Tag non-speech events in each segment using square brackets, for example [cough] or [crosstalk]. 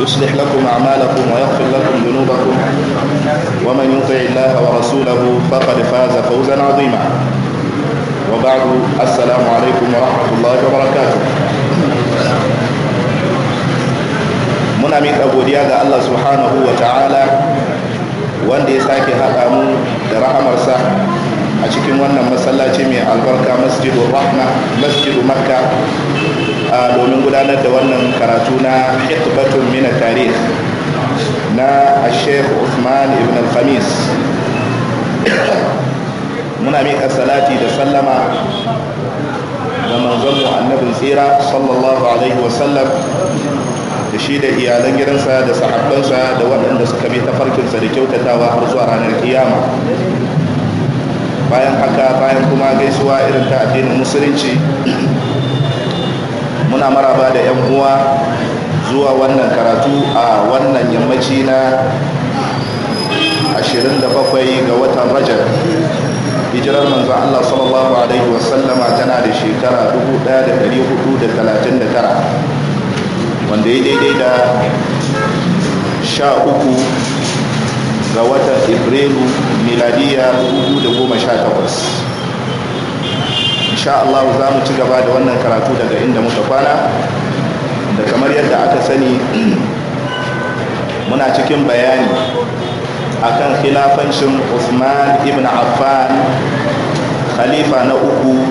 يصلح لكم أعمالكم ويغفر لكم ذنوبكم ومن يطع الله ورسوله فقد فاز فوزا عظيما وبعد السلام عليكم ورحمة الله وبركاته من أميك أبو دياغ الله سبحانه وتعالى واندي دي ساكي هدامو درحم رسا أشكي من جميع البركة مسجد الرحمة مسجد مكة domin gudanar da wannan karatu na hitbatun mina tarih na sheikh usman ibn al-khamis muna mika salati da sallama ga manzonmu annabin tsira sallallahu alaihi wasallam da shi da iyalan gidansa da sahabbansa da waɗanda suka bi tafarkinsa da kyautatawa har zuwa ranar kiyama bayan haka bayan kuma gaisuwa irin ta addinin musulunci muna maraba da 'yan uwa zuwa wannan karatu a wannan yammaci na 27 ga watan rajab hijirar manzo Allah sallallahu alaihi wasallama tana da shekara 1439 wanda ya daidai da 13 ga watan ibrahim miladiya 2018 insha Allah za mu ci gaba da wannan karatu daga inda muka kwana da kamar yadda aka sani muna cikin bayani akan khilafancin Usman ibn Affan khalifa na uku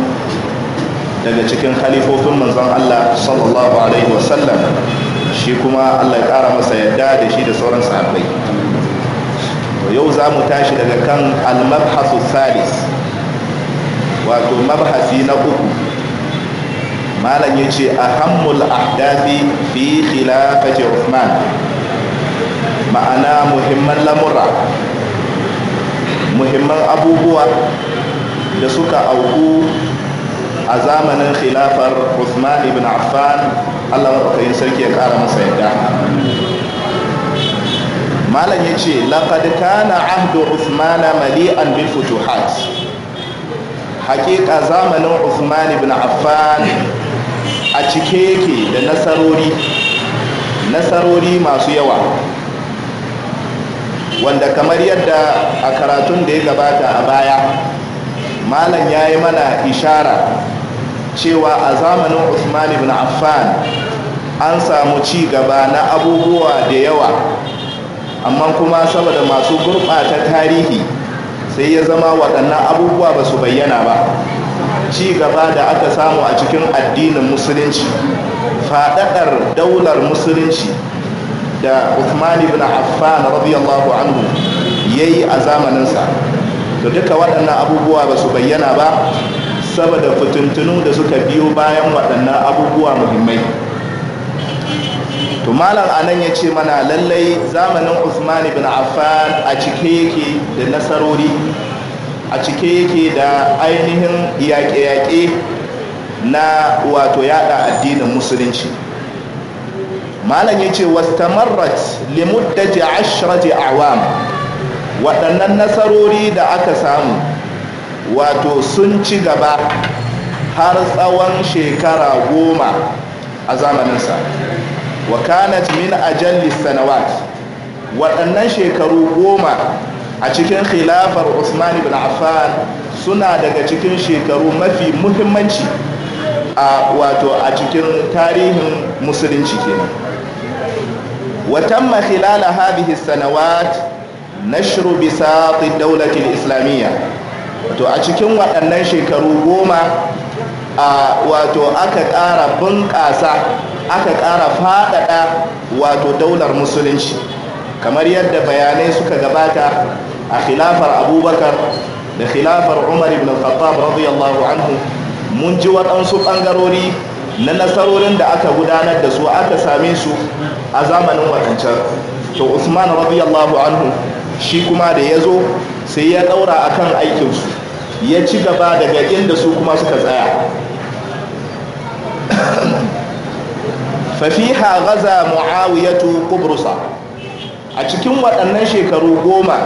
daga cikin khalifofin manzon Allah sallallahu alaihi wasallam shi kuma Allah ya kara masa yadda da shi da sauran sahabbai yau za mu tashi daga kan al-mabhasu thalith wato mabhasi na uku malam ya ce ahammul ahdafi fi khilafati Uthman ma'ana muhimman lamura muhimman abubuwa da suka auku a zamanin khilafar Uthman ibn Affan Allah maɗaukakin sarki ya ƙara masa yadda malam ya ce laƙad kana ahdu Uthman mali'an bin futuhat hakika zamanin usman ibn affan a cike yake da nasarori nasarori masu yawa wanda kamar yadda a karatun da ya gabata a baya malam ya yi mana ishara cewa a zamanin usman ibn affan an samu ci gaba na abubuwa da yawa amma kuma saboda masu gurɓata tarihi sai ya zama waɗannan abubuwa ba su bayyana ba ci gaba da aka samu a cikin addinin musulunci faɗaɗar daular musulunci da Uthman ibn Affan radiyallahu anhu yayi a zamaninsa to duka waɗannan abubuwa ba su bayyana ba saboda fitintunu da suka biyo bayan waɗannan abubuwa muhimmai to malam anan ya ce mana lallai zamanin usman ibn affan a cike yake da nasarori a cike yake da ainihin yaƙe-yaƙe na wato yada addinin musulunci malam ya ce wastamarrat limuddaji a awam waɗannan nasarori da aka samu wato sun ci gaba har tsawon shekara goma a zamaninsa wa kanat min ajalli sanawat waɗannan shekaru goma a cikin khilafar usman ibn affan suna daga cikin shekaru mafi muhimmanci a wato a cikin tarihin musulunci kenan watamma khilala hadhihi sanawat nashru bisaqi dawlati islamiyya to a cikin waɗannan shekaru goma wato aka ƙara bunƙasa aka ƙara faɗaɗa wato daular musulunci kamar yadda bayanai suka gabata a khilafar abubakar da khilafar umar ibn khattab radiyallahu anhu mun ji waɗansu ɓangarori na nasarorin da aka gudanar da su aka same su a zamanin waɗancan to usman radiyallahu anhu shi kuma da ya zo sai ya ɗaura a kan aikinsu ya ci gaba daga inda su kuma suka tsaya fafiha gaza mu'awiyatu kubrusa a cikin waɗannan shekaru goma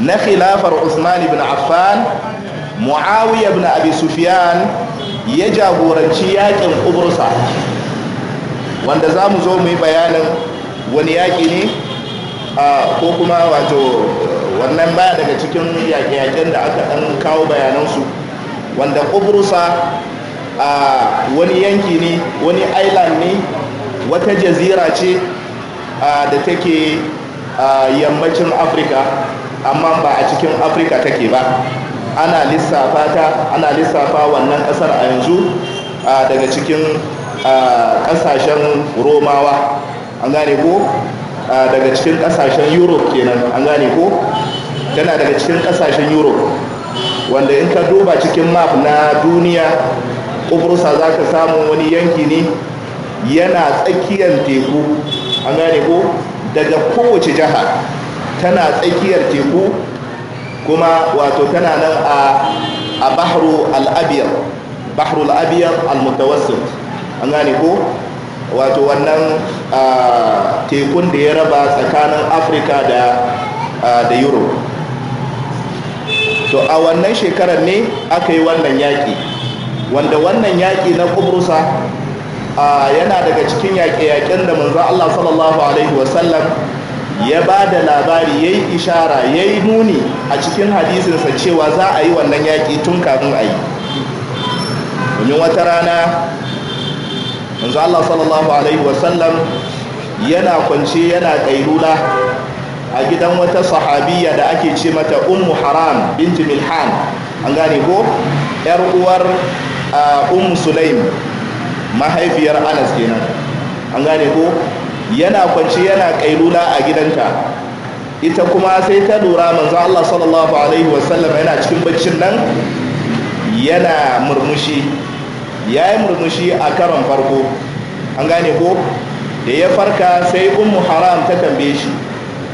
na khilafar usman ibn affan mu'awiya ibn abi Sufiyan, ya jagoranci yaƙin kubrusa wanda za mu zo mu yi bayanin wani yaƙi ne ko kuma wato wannan baya daga cikin yaƙe-yaƙen da aka ɗan kawo bayanansu wanda kubrusa wani yanki ne wani island ne wata jazira ce da take yammacin afirka amma ba a cikin afirka take ba ana lissafa ta ana lissafa wannan kasar a yanzu daga cikin kasashen romawa an gane ko daga cikin kasashen europe kenan an gane ko tana daga cikin kasashen europe wanda in ka duba cikin map na duniya ƙubrusa za ka samu wani yanki ne yana tsakiyar teku an gane ko daga kowace jiha tana tsakiyar teku kuma wato tana nan a bahru al'abiyar bahru al'abiyar al-mutawassit an gane ko wato wannan tekun da ya raba tsakanin afirka da da europe to a wannan shekarar ne aka yi wannan yaƙi wanda wannan yaƙi na kubrusa yana daga cikin yaƙe-yaƙen da manzo Allah sallallahu alaihi wasallam ya ba da labari ya yi ishara ya yi nuni a cikin hadisinsa cewa za a yi wannan yaƙi tun kafin a yi domin wata rana manzo Allah sallallahu alaihi wasallam yana kwance yana ƙailula a gidan wata sahabiya da ake ce mata ummu haram binti milhan an gane ko yar uwar A umu sulaim mahaifiyar anas kenan an gane ko yana kwanci yana kailula a gidanta ita kuma sai ta lura manzo Allah sallallahu alaihi wasallam yana cikin baccin nan yana murmushi ya yi murmushi a karon farko an gane ko da ya farka sai ummu haram ta tambaye shi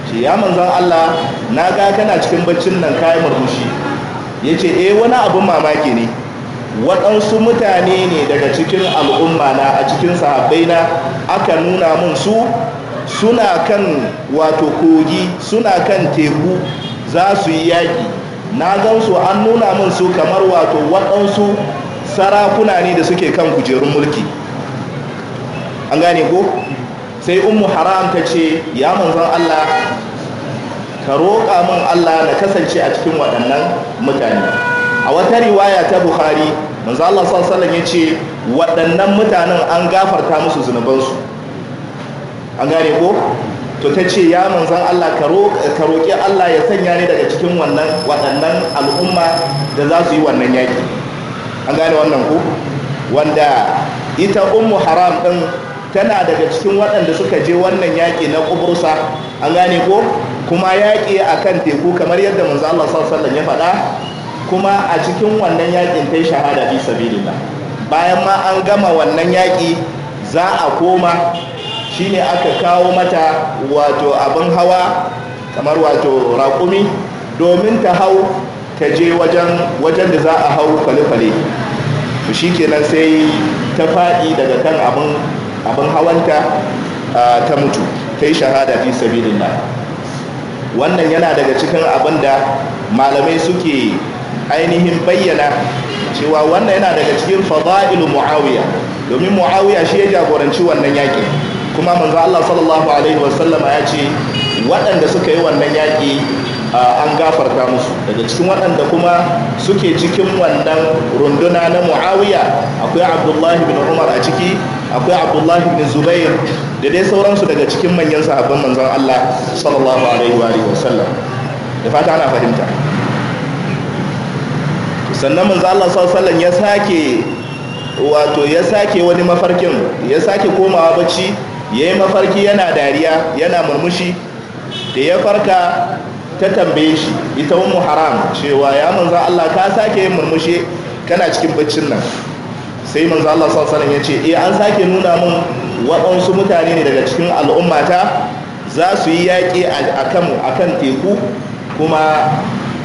ce ya manzan Allah na ga kana cikin baccin nan kai murmushi yace eh wani abin mamaki ne waɗansu mutane ne daga cikin al'umma na a cikin sahabbai na aka nuna mun su suna kan wato kogi suna kan teku za su yi yaƙi na gan su an nuna mun su kamar wato waɗansu sarakuna ne da suke kan kujerun mulki an gane ko sai ummu haram ta ce ya manzon allah ka roƙa min allah na kasance a cikin waɗannan mutane a wata riwaya ta bukhari manzo Allah sallallahu alaihi wasallam yace waɗannan mutanen an gafarta musu zunubansu an gane ko to ta ce ya manzan Allah ka roƙi Allah ya sanya ni daga cikin wannan waɗannan al'umma da za su yi wannan yaƙi an gane wannan ku wanda ita ummu haram ɗin tana daga cikin waɗanda suka je wannan yaƙi na ƙubursa an gane ko kuma yaƙi a kan teku kamar yadda manzo Allah sallallahu ya faɗa kuma a cikin wannan yakin ta shahada fi sabilillah bayan ma an gama wannan yaki za a koma shine aka kawo mata wato abin hawa kamar wato raƙumi domin ta hau ta je wajen da za a hau kwale-kwale shi kenan sai ta faɗi daga kan abin hawanta ta mutu ta yi shahada fi sabilillah wannan yana daga cikin abin da malamai suke ainihin bayyana cewa wannan yana daga cikin fada'ilu muawiya domin muawiya shi ya jagoranci wannan yaƙi kuma manzo Allah sallallahu alaihi wasallam ya ce waɗanda suka yi wannan yaƙi an gafarta musu daga cikin waɗanda kuma suke cikin wannan runduna na muawiya akwai abdullahi bin umar a ciki akwai abdullahi bin zubair da dai sauransu daga cikin manyan sahabban manzon Allah sallallahu alaihi wa sallam da fata ana fahimta sannan manzo Allah sallallahu ya sake wato ya sake wani mafarkin ya sake komawa bacci yayi mafarki yana dariya yana murmushi da ya farka ta tambaye shi ita ummu haram cewa ya manzo Allah ka sake yin murmushi kana cikin baccin nan sai manzo Allah sallallahu ya ce eh an sake nuna mun waɗansu mutane ne daga cikin al'ummata za su yi yaƙi a kan teku kuma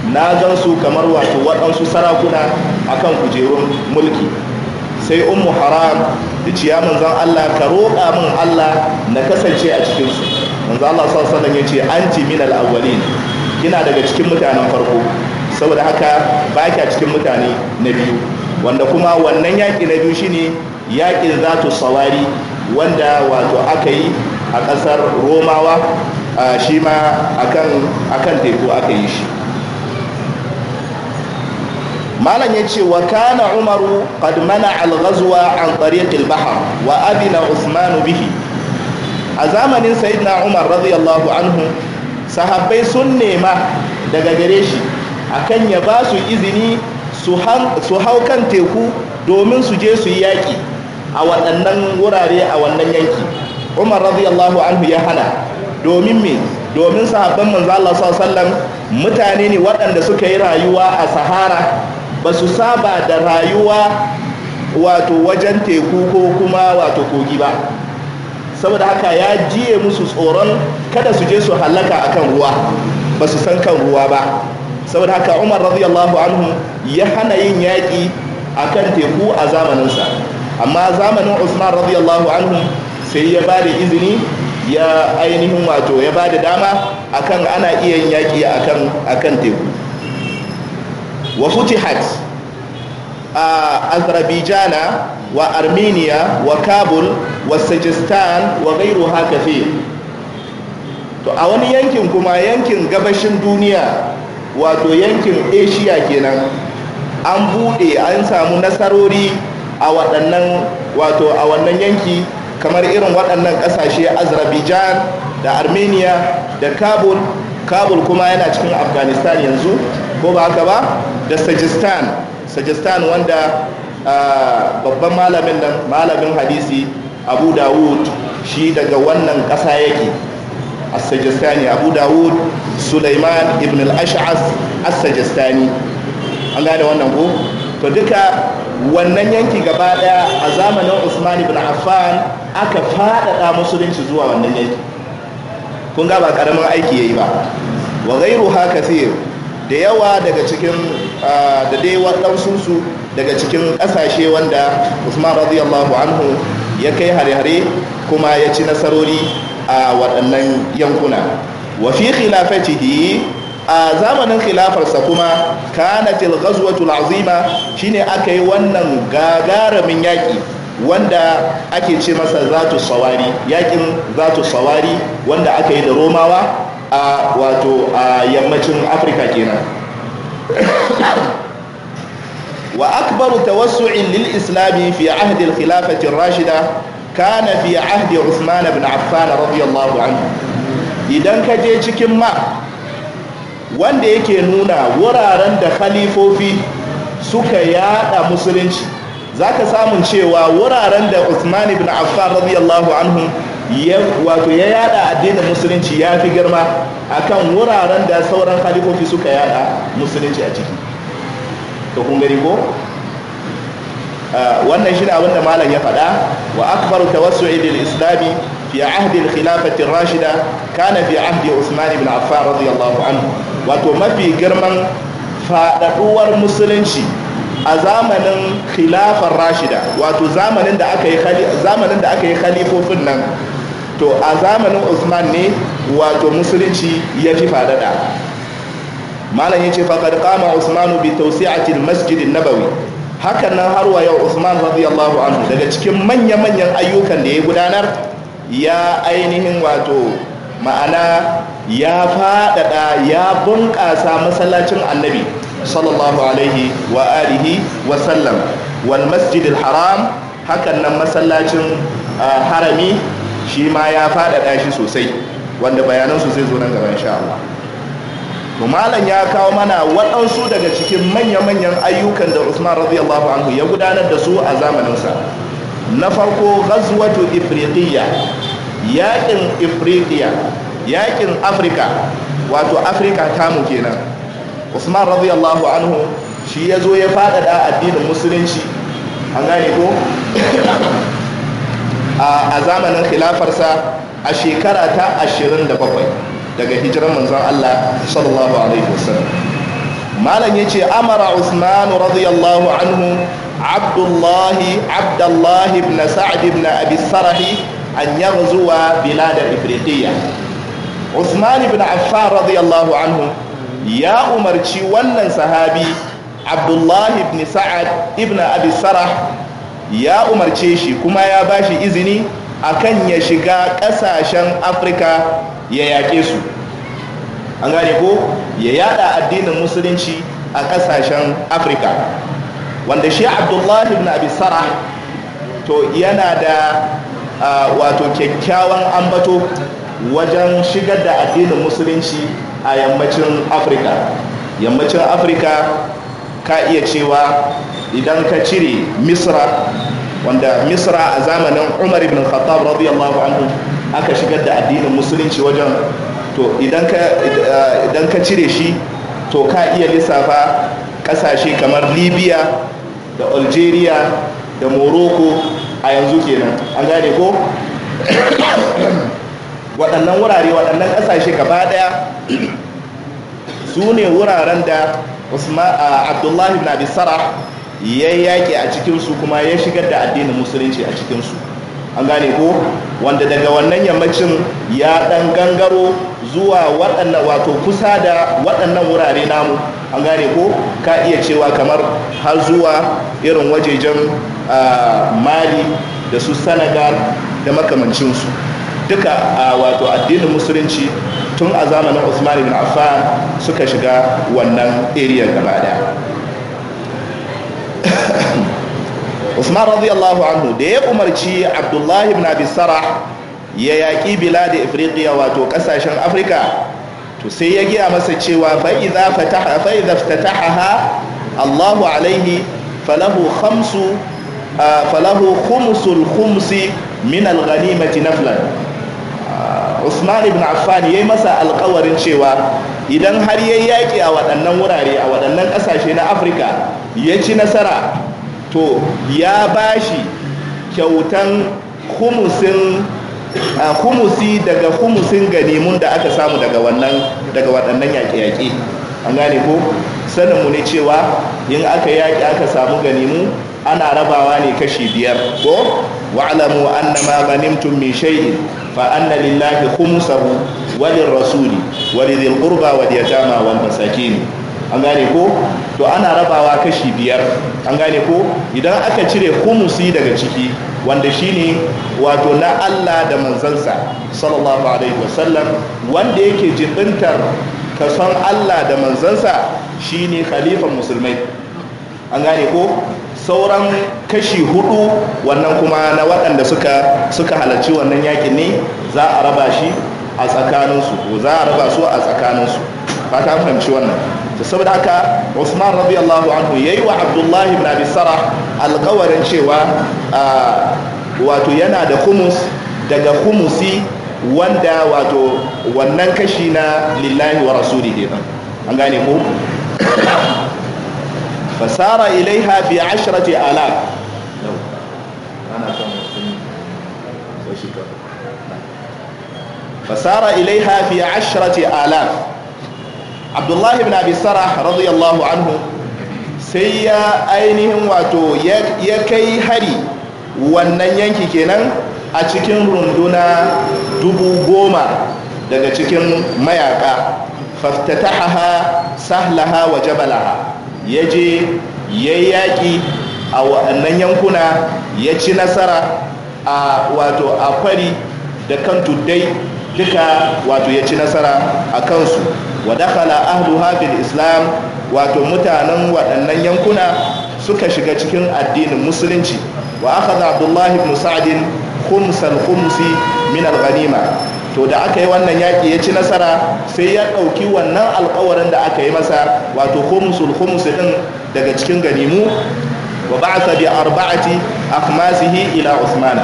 na gan su kamar wato waɗansu sarakuna akan kujerun mulki sai ummu haram da ciya manzan Allah ka roƙa min Allah na kasance a cikinsu manzan Allah sallallahu sannan ya ce anti min al kina daga cikin mutanen farko saboda haka ba kya cikin mutane na biyu wanda kuma wannan yaƙi na biyu shine yaƙin zatu sawari wanda wato aka yi a ƙasar romawa shi ma akan teku aka yi shi malam ya ce wa kana umaru qad mana al-ghazwa an tariq al-bahr wa adina usman bihi a zamanin sayyidina umar radiyallahu anhu sahabbai sun nema daga gare shi akan ya ba su izini su hau kan teku domin su je su yi yaƙi a waɗannan wurare a wannan yanki umar radiyallahu anhu ya hana domin me domin sahabban manzo Allah sallallahu alaihi wasallam mutane ne waɗanda suka yi rayuwa a sahara ba su saba da rayuwa wato wajen teku ko kuma wato kogi ba saboda haka ya jiye musu tsoron kada su je su halaka akan ruwa ba su san kan ruwa ba saboda haka umar radiyallahu anhu ya hana yin yaƙi a kan teku a zamaninsa amma zamanin usman radiyallahu anhu sai ya ba da izini ya ainihin wato ya ba da dama akan ana iya yin yaƙi akan teku wa futihat azrabijana wa armenia wa kabul wa sajistan wa gairu haka to a wani yankin kuma yankin gabashin duniya wato yankin asia kenan an bude an samu nasarori a waɗannan wato a wannan yanki kamar irin waɗannan ƙasashe azerbaijan da armenia da kabul kabul kuma yana cikin afghanistan yanzu ko ba haka ba da sajistan sajistan wanda babban malamin nan malamin hadisi abu dawud shi daga wannan ƙasa yake as-sajistani abu dawud Suleiman, ibn al-ash'as as-sajistani an gane wannan ko to duka wannan yanki gaba daya a zamanin usman ibn affan aka faɗaɗa musulunci zuwa wannan yanki kun ga ba ƙaramin aiki yayi ba wa haka kathir da yawa daga cikin da dai waɗansu daga cikin ƙasashe wanda Usman radiyallahu anhu ya kai hare-hare kuma ya ci nasarori a waɗannan yankuna wa fi khilafatihi a zamanin khilafarsa kuma kanatil ghazwatul azima shine aka yi wannan gagarumin yaƙi wanda ake ce masa zatu sawari yaƙin zatu sawari wanda aka yi da romawa a wato a yammacin afirka kenan wa akbaru tawassu'in lil islami fi ahdi al khilafati rashida kana fi ahdi usman ibn affan radiyallahu anhu idan ka je cikin ma wanda yake nuna wuraren da khalifofi suka yada musulunci zaka samun cewa wuraren da usman ibn affan radiyallahu anhu wato ya yada addinin musulunci ya fi girma akan wuraren da sauran halifofi suka yada musulunci a ciki to kun ko ah, wannan shi ne abin malam ya faɗa wa akbaru tawassu'i lil islami fi ahdi al rashida kana fi ahdi usman ibn affan radiyallahu anhu wato mafi girman faɗaɗuwar musulunci a zamanin khilafar rashida wato da aka yi zamanin da aka yi khalifofin nan to a zamanin usman ne wato musulunci ya fi fadada malam ya ce faƙar kama usmanu bi tausi'atil masjidin nabawi hakan nan har wa yau usman radiyallahu anhu daga cikin manya-manyan ayyukan da ya gudanar ya ainihin wato ma'ana ya faɗaɗa ya bunƙasa masallacin annabi sallallahu alaihi wa alihi wa sallam wal masjidil haram hakan nan masallacin ah, harami shi ma ya faɗaɗa shi sosai wanda bayanansu zai zo nan gaba insha Allah malam ya kawo mana waɗansu daga cikin manya-manyan ayyukan da Usman radiyallahu anhu ya gudanar da su a zamaninsa na farko ghazwatu ifriqiyya yaƙin ifriqiyya yaƙin afirka wato afirka tamu kenan Usman radiyallahu anhu shi ya zo ya faɗaɗa addinin musulunci an gane ko a zamanin khilafarsa a shekara ta 27 daga hijiran manzon Allah sallallahu alaihi wasallam malam yace amara Usman radiyallahu anhu Abdullah Abdullah ibn Sa'd ibn Abi Sarah an yaghzuwa bilad al-Ifriqiyya Usman ibn Affan radiyallahu anhu ya umarci wannan sahabi Abdullah ibn Sa'ad ibn Abi Sarah ya umarce shi kuma ya ba shi izini akan ya shiga ƙasashen afirka ya yaƙe su an gane ko ya yada addinin musulunci a ƙasashen afirka wanda shi abdullahi ibn bisara to yana da wato kyakkyawan ambato wajen shigar da addinin musulunci a yammacin afirka yammacin afirka ka iya cewa idan ka cire misra wanda misra a zamanin umar ibn khattab radiyallahu anhu aka shigar da addinin musulunci wajen to idan ka cire shi to ka iya lissafa kasashe kamar libya da algeria da morocco a yanzu kenan an gane ko [coughs] waɗannan wurare waɗannan ƙasashe gaba ɗaya su ne wuraren da Ah, abdullahi na abi sarah ya yaƙi a cikinsu kuma ya shigar da addinin musulunci a cikinsu an gane ko wanda daga wannan yammacin ya ɗan gangaro zuwa waɗannan wato kusa da waɗannan wurare namu an gane ko ka iya cewa kamar har zuwa irin wajejen ah, mali da su senegal da makamancinsu duka a wato addinin musulunci tun a zamanin usman ibn affan suka shiga wannan area gaba daya [coughs] usman radiyallahu anhu da ya umarci abdullahi ibn abi sarah ya yaƙi biladi afirka wato ƙasashen Afrika to sai ya giya masa cewa fa'iza fataha ha allahu alaihi falahu khamsu falahu khumsul khumsi min alghanimati naflan usman ibn affan yayi masa alƙawarin cewa idan har yayi yaƙi a waɗannan wurare a waɗannan ƙasashe na afirka ya ci nasara to ya bashi kyautan humusin humusi daga humusin ganimun da aka samu daga wannan daga waɗannan yaƙe-yaƙe an gane ko sanin mu ne cewa in aka yaƙi aka samu ganimu ana rabawa ne kashi biyar ko wa'lamu annama ganimtum min shay'in فأن لله خمسه وللرسول ولذي القربى واليتامى والمساكين an gane ko to ana rabawa kashi biyar an gane ko idan aka cire kumusi daga ciki wanda shine wato na Allah da manzansa sallallahu alaihi wasallam wanda yake jibintar kason Allah da manzansa shine khalifan musulmai an gane ko sauran kashi hudu wannan kuma na waɗanda suka suka halarci wannan yakin ne za a raba shi a tsakaninsu ko za a raba su a tsakaninsu ba ta fahimci wannan saboda haka Usman radiyallahu anhu yi wa Abdullahi ibn Abi Sarah cewa wato yana da kumus daga kumusi wanda wato wannan kashi na lillahi wa rasulihi an gane ko fasara ilaiha bi ashrati ala fasara ibn abi radiyallahu anhu sai ya ainihin wato ya kai hari wannan yanki kenan a cikin runduna dubu goma daga cikin mayaka faftataha sahlaha wa jabalaha ya je ya yi yaƙi a waɗannan yankuna ya ci nasara a wato a kwari da kan tuddai duka wato ya ci nasara a kansu wa dakhala ahlu habil islam wato mutanen waɗannan yankuna suka shiga cikin addinin musulunci wa akhadha abdullahi ibn sa'd kumsal kumsi min al to da aka yi wannan yaƙi ya ci nasara sai ya ɗauki wannan alkawarin da aka yi masa wato humusul humus ɗin daga cikin ganimu wa ba'asa bi arba'ati akhmasihi ila usman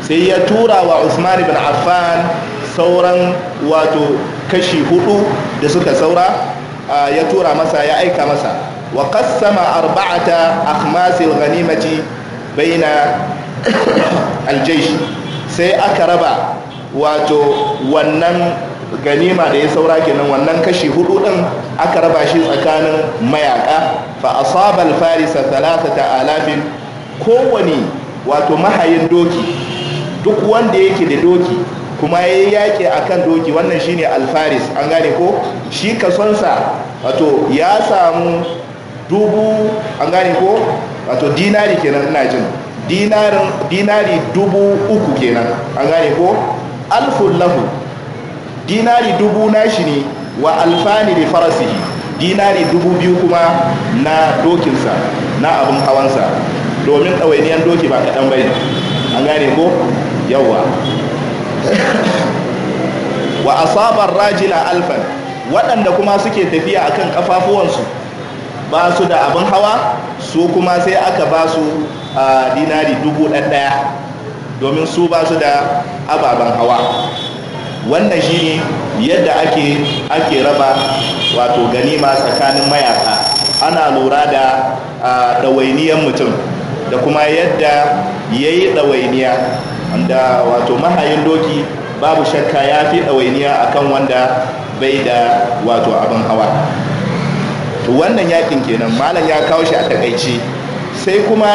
sai ya tura wa usman ibn affan sauran wato kashi hudu da suka saura ya tura masa ya aika masa wa qassama arba'ata akhmasil ghanimati baina aljaysh sai aka raba wato wannan ganima da ya saura kenan wannan kashi hudu din aka raba shi tsakanin mayaka fa asabal farisa thalathata alafin kowani wato mahayin doki duk wanda yake da doki kuma ya yaƙi akan doki wannan shine alfaris an gane ko shi kasonsa wato ya samu dubu an gane ko wato dinari kenan ina jin dinari dubu uku kenan an gane ko alfun lahu dinari dubu nashi ne wa alfani da farasihi dinari dubu biyu kuma na dokinsa na abin hawansa domin ɗawainiyar doki ba kaɗan bai an gane ko yawwa [laughs] wa asabar rajila alfan waɗanda kuma suke tafiya a kan kafafuwansu ba su da abin hawa su kuma sai aka ba su ah, dinari dubu ɗaya domin su ba su da ababen hawa wannan shine yadda ake raba wato ganima tsakanin mayaka ana lura da ɗawainiyar mutum da kuma yadda ya yi ɗawainiya wanda wato mahayin doki babu shakka ya fi ɗawainiya akan wanda bai da wato abin hawa wannan yakin kenan malam ya kawo shi a takaici sai kuma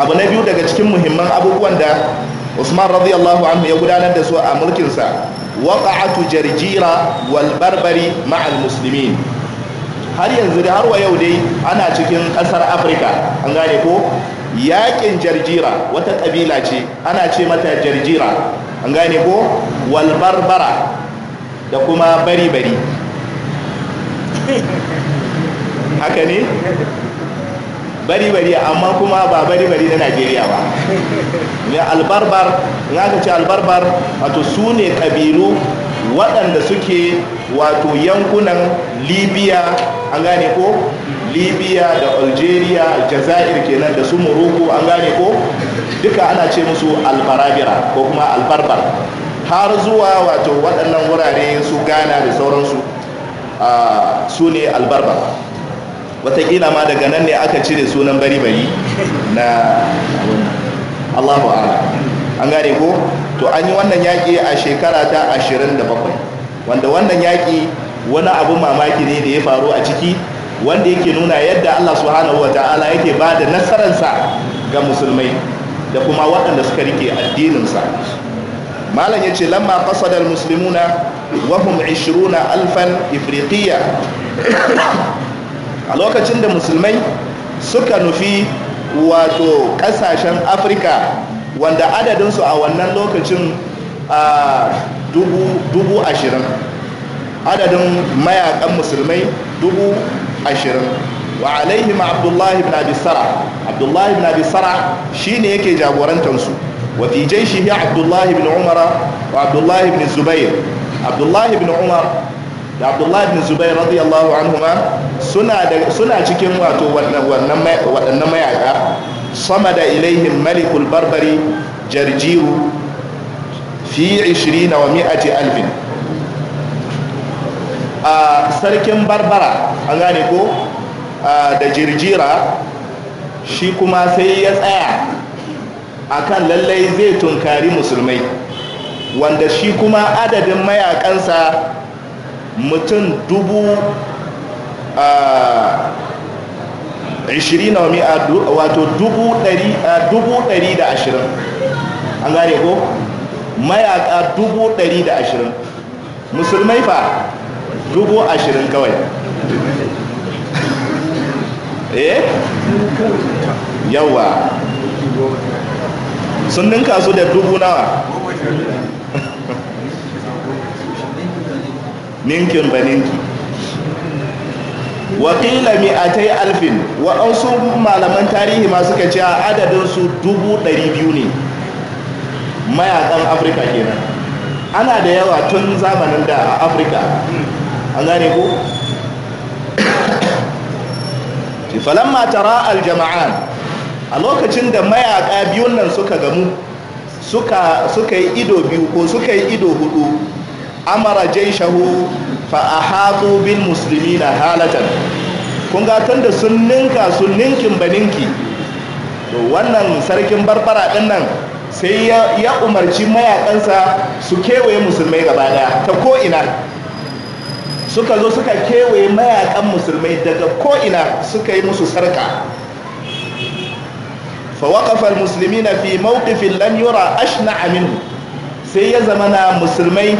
abu na biyu daga cikin muhimman abubuwan da usman radiyallahu anhu ya gudanar da su a mulkinsa waƙa'atu jarjira wal barbari ma'al har yanzu da har wa yau dai ana cikin ƙasar afirka an gane ko yaƙin jarjira wata ƙabila ce ana ce mata jarjira an gane ko wal barbara da kuma bari bari [laughs] haka ne bari bari amma kuma ba bari bari na najeriya ba ne albarbar na ka ce albarbar wato su ne kabilu waɗanda suke wato yankunan libya an gane ko libya da algeria aljazair kenan da su morocco an gane ko duka ana ce musu albarabira ko kuma albarbar har zuwa wato waɗannan wurare su gana da sauransu ah, su ne albarbar watakila ma daga nan ne aka cire sunan bari-bari na Allahu ala an gane ko to an yi wannan yaƙi a shekara ta 27 wanda wannan yaƙi wani abu mamaki ne da ya faru a ciki wanda yake nuna yadda Allah subhanahu wa ta'ala yake ba da nasararsa ga musulmai da kuma waɗanda suka rike addininsa malam ya ce lamma fasadar musulmuna wahum 20 alfan ifriqiya A lokacin da musulmai suka nufi wato kasashen afirka wanda adadinsu a wannan lokacin a dubu ashirin adadin mayakan musulmai dubu ashirin wa alaihim abdullahi ibn Abisara. abdullahi ibn abisara sara shine yake jagorantansu wa shi jaishi abdullahi ibn umar wa abdullahi ibn zubair abdullahi ibn umar da abdullahi bin zubair radiyallahu anhuma suna da suna cikin wato wannan wannan waɗannan mayaka sama da ilaihim malikul barbari jarjiru fi 20 wa mi'ati alfin a sarkin barbara an gane ko da jirjira shi kuma sai ya tsaya akan lallai zai tunkari musulmai wanda shi kuma adadin mayakansa mutum dubu a a wato dubu dari da ashirin an gane ko mayaka dubu dari da ashirin. musulmai fa dubu ashirin kawai [laughs] eh yawa sun ninka su da dubu nawa ninkin ba ninki wakila yi alfin waɗansu malaman tarihi ma suka ce adadin su dubu ɗari biyu ne mayakan afirka kenan ana da yawa tun zamanin da a afirka an gane ko falamma matara aljama'an a lokacin da mayaka biyun nan suka gamu suka yi ido biyu ko suka yi ido hudu amara jaishahu fa bin musulmi na halatan kun ga tunda sun ninka sun ninkin baninki to wannan sarkin barbara ɗin nan sai ya umarci mayakansa su kewaye musulmai gaba daya ta ko'ina suka zo suka kewaye mayakan musulmai daga ko'ina suka yi musu sarka fawakafar musulmi na fi mawukifin lam ashina ashna aminu sai ya zama na musulmai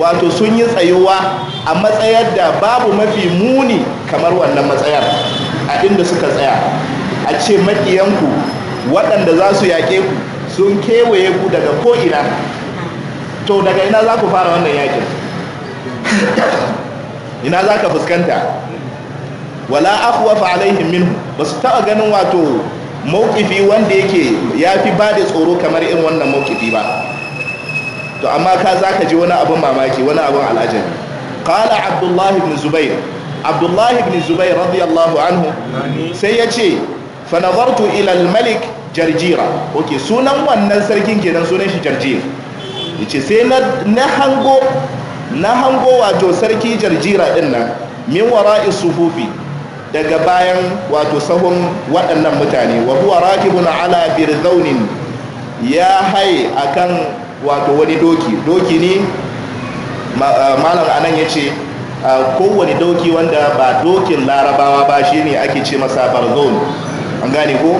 wato sun yi tsayuwa a matsayar da babu mafi muni kamar wannan matsayar a inda suka tsaya a ce maƙiyanku waɗanda za su yaƙe ku sun kewaye ku daga ko'ina to daga ina za ku fara wannan yaƙin [coughs] ina za ka fuskanta wala akhwafa alaihim min ba su taɓa ganin wato mawkifi wanda yake ya fi ba da tsoro kamar irin wannan mawkifi ba to amma ka za ka ji wani abin mamaki wani abin al'ajabi qala Abdullahi ibn zubair Abdullahi ibn zubair radiyallahu anhu sai ya ce ilal malik jarjira Ok sunan wannan sarkin kenan sunan shi jarjir yace sai na hango na hango wato sarki jarjira din nan min wara'i sufufi daga bayan wato sahun waɗannan mutane wa huwa rakibun ala birzaunin ya haye akan wato wani doki doki ne ah, malam anan ya ce ah, kowane doki wanda ba dokin larabawa ba shi ne ake ce masa barzon an gane ko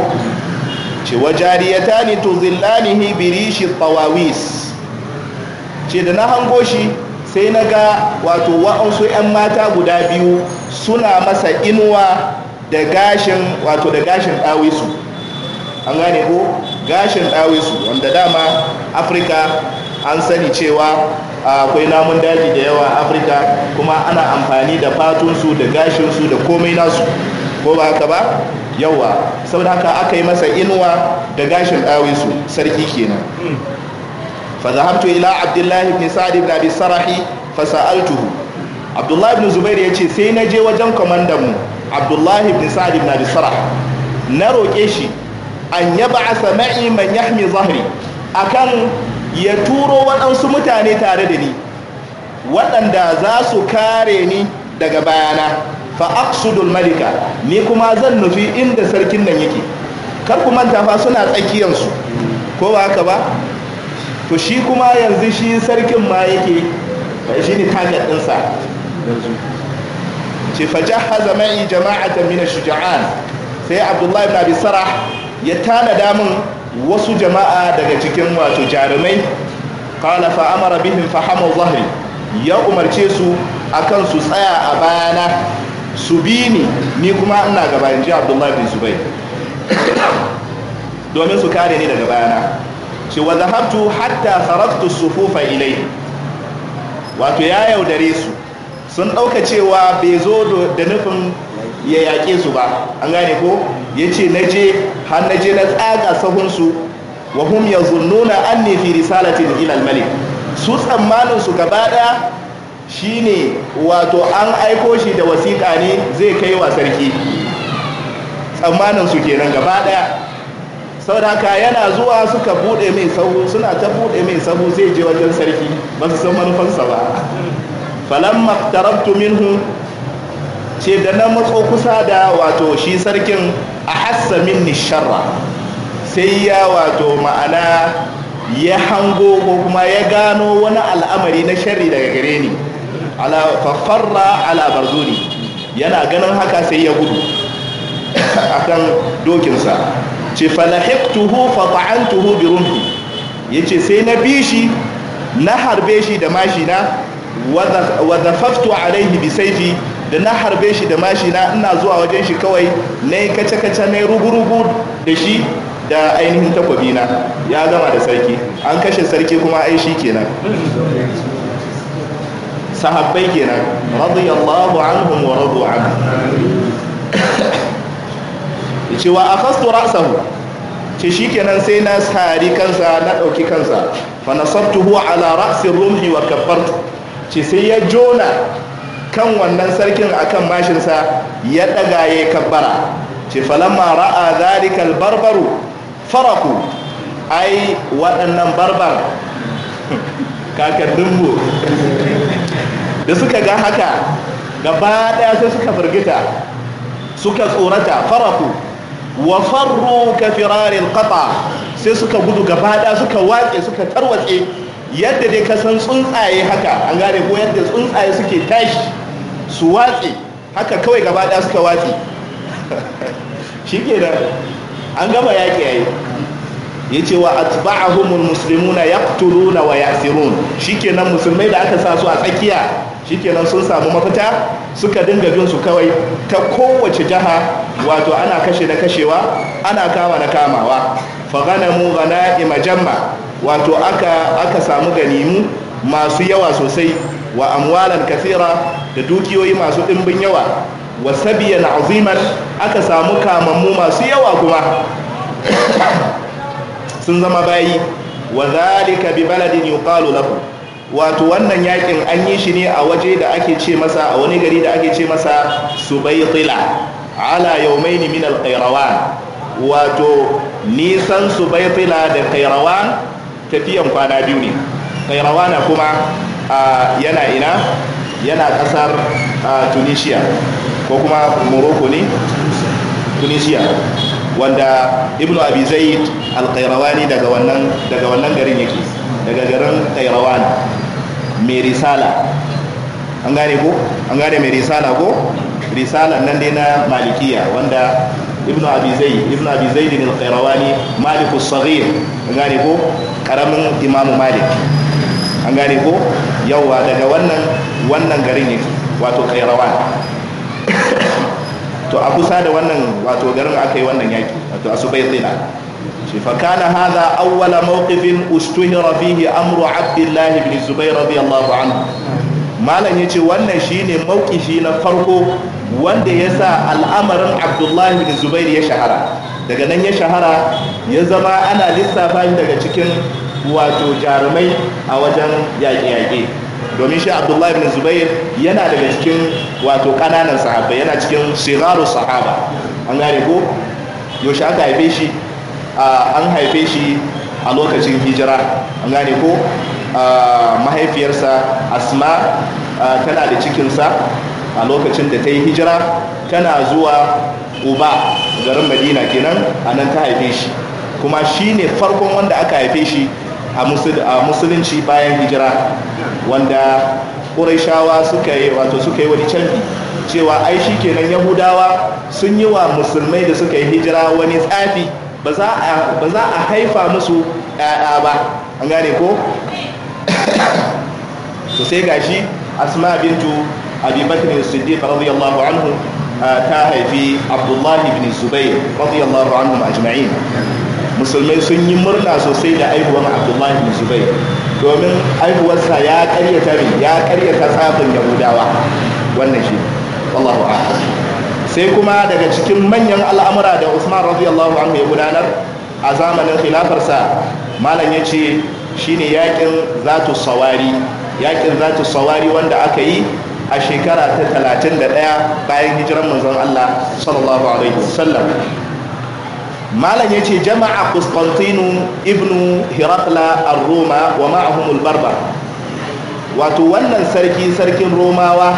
ce wa jariyata ne to zillanihi birishi tawawis ce da na hango shi sai na ga wato wa'ansu 'yan mata guda biyu suna masa inuwa da gashin wato da gashin ɗawisu an gane ko gashin su wanda dama afirka an sani cewa akwai namun daji da yawa afirka kuma ana amfani da fatunsu da gashinsu da komai nasu ko ba haka ba yawa da haka aka yi masa inuwa da gashin su sarki kenan faza hamtu ila abdullahi ibn sa'ad ibn abi sarahi fa sa'altuhu abdullahi ibn ya ce, sai na je wajen kwamandan mu abdullahi ibn sa'ad ibn abi sarahi na roƙe shi an yaba asa ma'i man yahmi zahri akan ya turo waɗansu mutane tare da ni waɗanda za su kare ni daga bayana fa malika ni kuma zan nufi inda sarkin nan yake kar ku manta fa suna tsakiyansu ko ba haka ba to shi kuma yanzu shi sarkin ma yake shi ne target ɗinsa ce fajahaza ma'i jama'a ta mina shujaan sai abdullahi ibn sarah ya tana damun wasu jama'a daga cikin wato jarumai qala fa amara bihim ya umarce su akan su tsaya a bayana su bi ni ni kuma ina gaba in ji abdullahi bin zubai [coughs] domin su kare ni daga bayana ce wa zahabtu hatta su fufa ilai wato ya yaudare su sun ɗauka cewa bai zo da nufin ya yaƙe su ba an gane ko ya ce na je har na na tsaga sahunsu wa hum ya zunnuna an ne fi risalatin ilal malik su tsammanin su gaba ɗaya shine wato an aiko shi da wasiƙa ne zai kai wa sarki tsammanin su kenan gaba ɗaya sau da ka yana zuwa suka buɗe mai sahu suna ta buɗe mai sahu zai je wajen sarki ba su san manufansa ba falan tarabtu minhu ce da na matso kusa da wato shi sarkin a hassa minni sai ya wato ma'ana ya hango ko kuma ya gano wani al'amari na sharri daga gare ni ala fafarra ala barzuni yana ganin haka sai ya gudu [coughs] a kan dokinsa ce falahiktuhu fata'antuhu bi rumhi ce sai na bi shi na harbe shi da mashina wa zafaftu alaihi bi saifi da na harbe shi da mashina ina zuwa wajen shi kawai na yi kace-kace na rugurugu rugu da shi da ainihin takwabina ya gama da sarki an kashe sarki kuma ai shi kenan sahabbai kenan radiyallahu anhum wa radu anhu yace wa akhastu ra'sahu ce shikenan sai na sari kansa na dauki kansa fa nasabtuhu ala ra'si rumhi wa kaffartu ce sai ya jona kan wannan sarkin akan mashinsa ya ɗaga ya kabbara ce falamma ra'a zalikal barbaru faraku ai waɗannan barbar [laughs] kakanninmu [laughs] da suka ga haka gaba ɗaya sai suka firgita suka tsorata faraku wa farro ka firarin kafa sai suka gudu gaba ɗaya suka waƙe suka tarwatse yadda dai ka san tsuntsaye haka an gane ko yadda tsuntsaye suke tashi su watsi haka kawai gaba ɗaya suka watsi [laughs] shi ke da an gama yaƙi yayi ya ce wa atba'ahumul muslimuna na wa ya'sirun Shi ke nan musulmai da aka sa su a tsakiya Shi ke nan sun samu mafita suka dinga bin kawai ta kowace jiha? wato ana kashe na kashewa ana kama na kamawa fa mu ghanaima jamma wato aka aka samu ganimu masu yawa sosai wa amwalan kasira da dukiyoyi masu ɗimbin yawa wa sabiyan aziman aka samu kamammu masu yawa kuma [coughs] sun zama bayi wa zalika bi baladin yuqalu lahu wato wannan yakin an yi shi ne a waje da ake ce masa a wani gari da ake ce masa subaytila ala yawmayn min al wato nisan subaitila da qayrawan tafiyan kwana biyu ne kairawana kuma yana ina yana kasar tunisia ko kuma morocco ne tunisia wanda ibnu abi zaid al kairawani daga wannan daga wannan garin yake daga garin qayrawan mai risala an gane ko an gane mai risala ko risalan nan dai na malikiya wanda ibn abi zaid ibn abi zaid al-qayrawani malik as-saghir an gane ko karamin imamu malik an gane ko yawa daga wannan wannan garin ne wato qayrawan to a kusa da wannan wato garin aka yi wannan yaki wato asubaytina shi fa kana hadha awwala mawqifin ustuhira fihi amru abdullah ibn zubair radiyallahu anhu malam ya ce wannan shi ne mawkishi na farko wanda ya sa al'amarin abdullahi bin zubairu ya shahara daga nan ya shahara ya zama ana lissafa daga cikin wato jarumai a wajen yaƙe-yaƙe domin shi abdullahi bin zubair yana daga cikin wato ƙananan sahaba yana cikin shigaru sahaba an gane ko yaushe aka haife shi ah, an haife shi a lokacin hijira an gane ko mahaifiyarsa asma tana da cikinsa a lokacin da ta yi hijira tana zuwa uba garin madina kenan a nan ta haife shi kuma shi ne farkon wanda aka haife shi a musulunci bayan hijira wanda ƙuraishawa suka yi wato suka yi wani canji cewa ai shi kenan yahudawa sun yi wa musulmai da suka yi hijira wani tsafi ba za a haifa musu 'ya'ya ba an gane ko to sai gashi asma bintu abi bakr as-siddiq radiyallahu anhu ah, ta haifi Abdullahi ibn zubair radiyallahu anhum ajma'in musulmai sun yi murna sosai da aihuwar Abdullahi ibn zubair domin aihuwarsa ya karyata ya karyata tsafin yahudawa wannan shi wallahu a'lam sai kuma daga cikin manyan al'amura da Usman radiyallahu anhu ya gudanar a zamanin khilafarsa malam ya ce shine yakin zatu sawari yakin zatu sawari wanda aka yi a shekara ta 31 bayan hijiran manzon Allah sallallahu alaihi wasallam malam yace jama'a Kustantinu ibnu Hirakla ar-Roma wa ma'ahum al-Barbar wato wannan sarki sarkin Romawa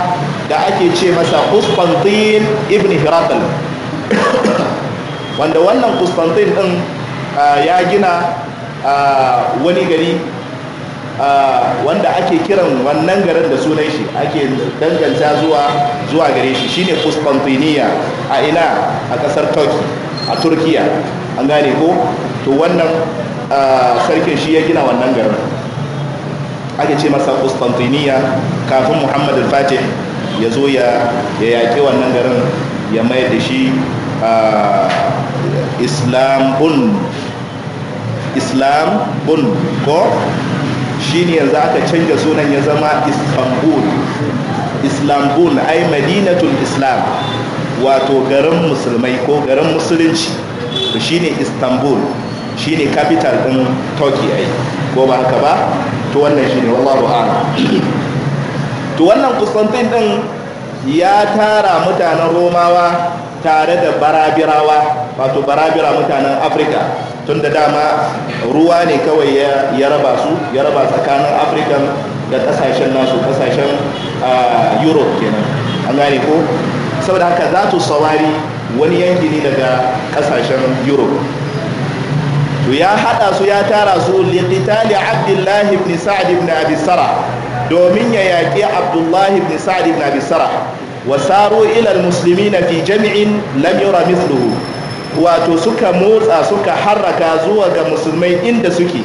da ake ce masa Constantine ibn Hirakl [coughs] wanda wannan Constantine din ah, ya gina wani gari wanda ake kiran wannan garin da sunan shi ake danganta zuwa zuwa gare shi shine Constantinople a ina a kasar Turkey a Turkiya an gane ko to wannan sarkin shi ya gina wannan garin ake ce masa Constantinople kafin Muhammad al-Fatih ya zo ya yaƙi wannan garin ya mayar da shi islam islam bun ko shine yanzu aka canja sunan ya zama istanbul islambul ai madinatul islam wato garin musulmai ko garin musulunci shine istanbul shine capital din turkey ai ko ba haka ba to wannan shine wallahu a'lam [clears throat] to wannan kusantin din ya tara mutanen romawa tare da barabirawa wato barabira mutanen afirka tun da dama ruwa ne kawai ya raba su ya raba tsakanin Afirka da kasashen nasu kasashen europe kenan an gane ko saboda haka za su sawari wani yanki ne daga kasashen europe to ya hada su ya tara su liqitali abdullahi ibn sa'd ibn abi sara domin ya yaƙi abdullahi ibn sa'd ibn abi sara wasaru ila almuslimina fi jami'in lam yura mithluhu wato suka motsa suka harraka zuwa ga musulmai inda suke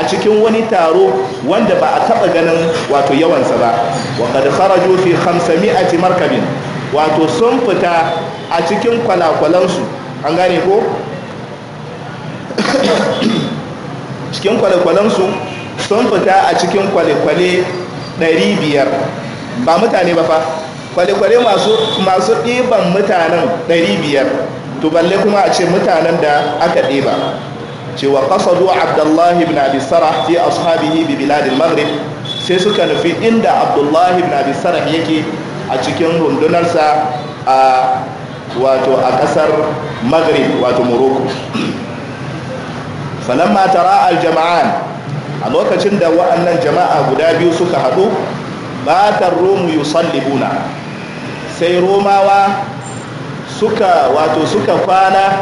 a cikin wani taro wanda ba a taɓa ganin wato yawansa ba waƙad kharaju fi 500 markabin wato sun fita a cikin kwalakwalansu an gane ko [coughs] cikin kwalakwalansu sun fita a cikin kwalekwale 500 ba mutane ba fa kwalekwale masu ɗiban mutanen 500 to balle kuma a ce mutanen da aka ɗeba cewa kasadu abdullahi ibn abi sarah fi ashabihi bi biladil maghrib sai suka nufi inda abdullahi ibn abi sarah yake a cikin rundunarsa a wato a ƙasar maghrib wato morocco falamma tara a lokacin da wa'annan jama'a guda biyu suka haɗu batar romu yusallibuna sai romawa suka wato suka kwana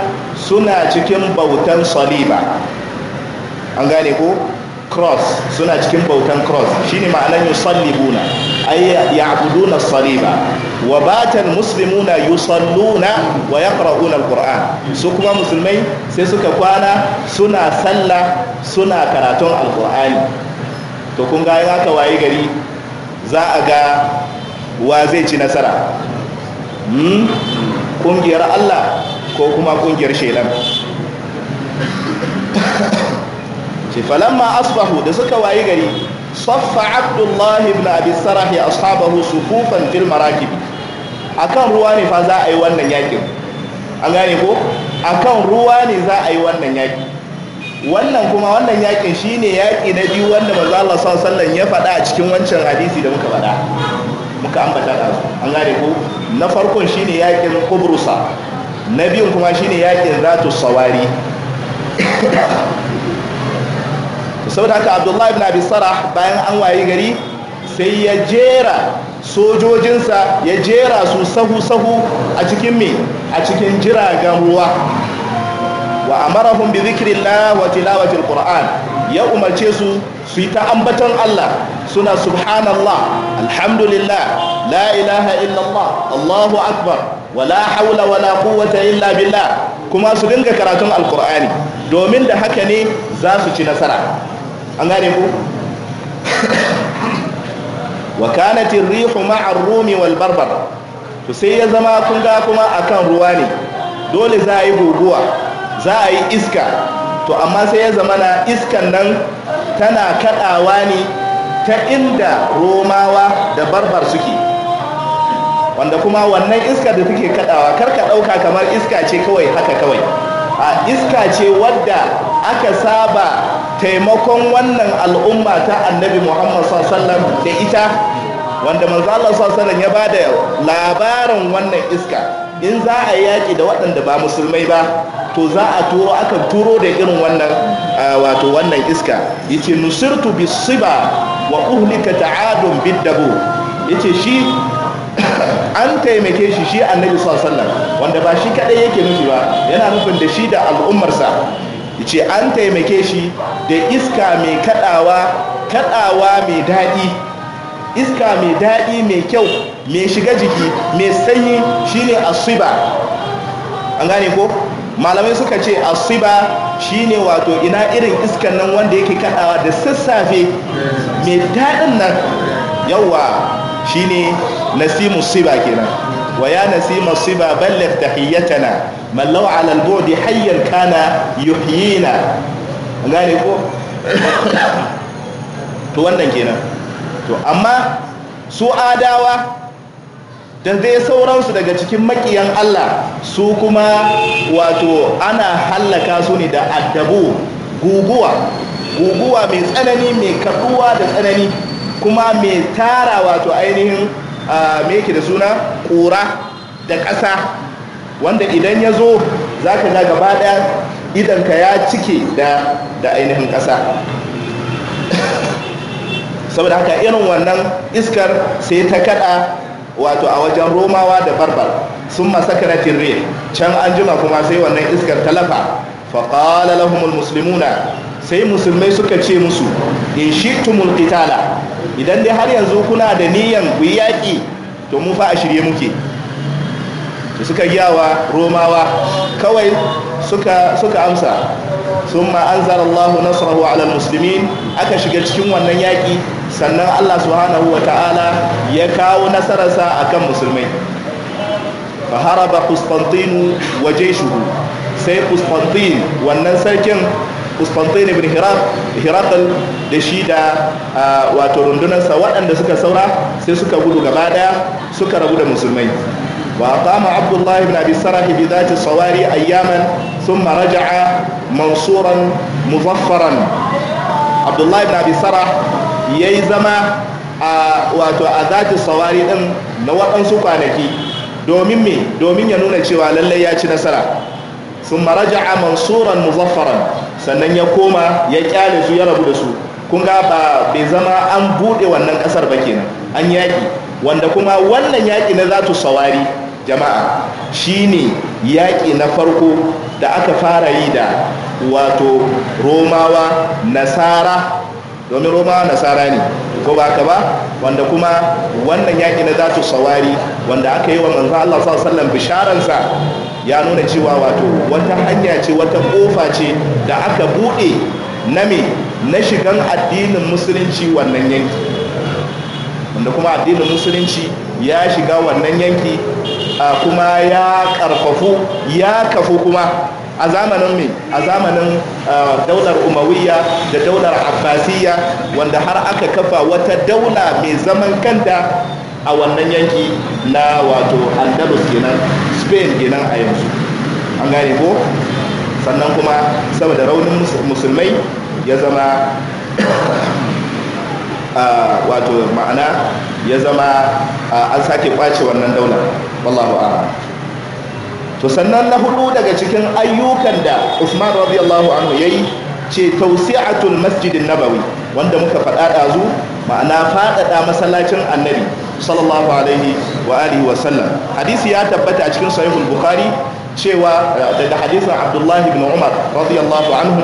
suna cikin bautan saliba an gane ko cross suna cikin bautan cross shine ma'anar ya ay ya'buduna saliba wa batal muslimuna yusalluna wa yaqra'una alquran su kuma musulmai sai suka kwana suna sallah suna karatun alqur'ani to kun ga haka waye gari za a ga wa zai ci nasara hmm? Kungiyar Allah ko kuma ƙungiyar shelan ce falamma asbahu da suka wayi gari saffa abdullah ibn abi sarahi ashabahu sufufan fil marakib akan ruwa ne fa za a yi wannan yakin an gane ko akan ruwa ne za a yi wannan yaki wannan kuma wannan yakin shine yaki na biyu wanda manzo Allah sallallahu alaihi wasallam ya faɗa a cikin wancan hadisi da muka faɗa muka ambata da an gane ko na farkon shine yakin kubrusa na biyun kuma shine yakin ratu sawari saboda haka abdullahi ibn abi sarah bayan an wayi gari sai ya jera sojojinsa ya jera su sahu-sahu a cikin me a cikin jiragen ruwa wa amarahum bi zikrillah wa tilawatil ƙura'an ya umarce su su yi ta ambatan Allah suna subhanallah alhamdulillah la ilaha illallah Allahu akbar wala haula wala quwwata illa billah kuma su dinga karatun alkur'ani domin da haka ne za su ci nasara an gane ku [coughs] wa kanat ar ma'a ar-rumi wal barbar to sai ya zama kun ga kuma akan ruwa ne dole za a yi guguwa za a yi iska to amma sai ya zama na iskan nan tana kaɗawa ne ta inda romawa da barbar suke wanda kuma wannan iska da take kaɗawa ka ɗauka kamar iska ce kawai haka kawai a iska ce wadda aka saba taimakon wannan al'umma ta annabi muhammad sallam da ita wanda manzo Allah ya ya bada labarin wannan iska in za a yi yaƙi da waɗanda ba musulmai ba to za a turo akan turo da irin wannan wato wannan iska yace nusirtu siba wa uhlika ta'adun biddabu yace shi [coughs] an taimake shi shi annabi sallallahu wanda ba shi kaɗai yake nufi ba yana nufin da shi da al'ummarsa yace an taimake shi da iska mai kadawa kadawa mai daɗi iska mai daɗi mai kyau mai shiga jiki mai sanyi shine asiba an gane ko malamai suka ce asiba shine wato ina irin iskan nan wanda yake kaɗawa da sassafe mai daɗin nan yawa shine nasimu siba kenan wa ya nasimu siba ballar tahiyyatana mallau ala albodi hayyar kana an gane ko [coughs] wannan kenan to amma su adawa da zai sauransu daga cikin makiyan Allah su kuma wato ana hallaka su ne da addabu guguwa guguwa mai tsanani mai karuwa da tsanani kuma mai tara wato ainihin meke da suna kura da ƙasa wanda idan ya zo za ka ga gaba ɗaya idanka ya cike da ainihin ƙasa [laughs] saboda haka irin wannan iskar sai ta kada wato a wajen romawa da barbar sun masakaratin re can an jima kuma sai wannan iskar talafa faƙala lahumul musulmuna sai musulmai suka ce musu in shi tumul qitala idan dai har yanzu kuna da niyan ku yaƙi to mu fa a shirye muke da suka giyawa romawa kawai suka amsa sun ma'anzar allahu nasarahu alal musulmi aka shiga cikin wannan yaƙi sannan Allah subhanahu wa ta'ala ya kawo nasararsa akan musulmai fa haraba Constantinu wa jayshuhu sai Constantine wannan sarkin Constantine ibn Hiraq da shi da wato rundunarsa waɗanda suka saura sai suka gudu gaba suka rabu da musulmai وأقام عبد الله بن أبي السرح بذات الصواري أياما ثم رجع منصورا مظفرا عبد Abdullahi بن abi السرح ya yi zama a wato a zati sawari ɗin na waɗansu kwanaki domin me domin ya nuna cewa lallai ya ci nasara sun maraja a mansuran muzaffaran sannan ya koma ya kyale su ya rabu da su kun ga ba bai zama an buɗe wannan ƙasar ba kenan an yaƙi wanda kuma wannan yaƙi na zatu sawari jama'a shine yaƙi na farko da aka fara yi da wato romawa nasara domin romawa nasara ne ko ba ka ba wanda kuma wannan yaƙi na zatu sawari wanda aka yi wa manzo Allah sallallahu alaihi bisharansa ya nuna cewa wato wata hanya ce wata kofa ce da aka buɗe na me na shigan addinin musulunci wannan yanki wanda kuma addinin musulunci ya shiga wannan yanki kuma ya karfafu ya kafu kuma a zamanin mai a zamanin uh, daular umawiyya da daular abbasiyya wanda har aka kafa wata daula mai zaman kanta a wannan yanki na wato andalus kenan spain kenan a yanzu an gane ko sannan kuma saboda raunin musulmai ya zama [coughs] uh, wato ma'ana ya zama uh, an sake kwace wannan daular wallahu a'lam to sannan na hudu daga cikin ayyukan da Usman radiyallahu anhu yi ce tausi'atul masjidin nabawi wanda muka faɗa ɗazu ma'ana faɗaɗa masallacin annabi sallallahu alaihi wa alihi wa sallam hadisi ya tabbata a cikin sahihul bukhari cewa daga hadisin abdullah ibn umar radiyallahu anhu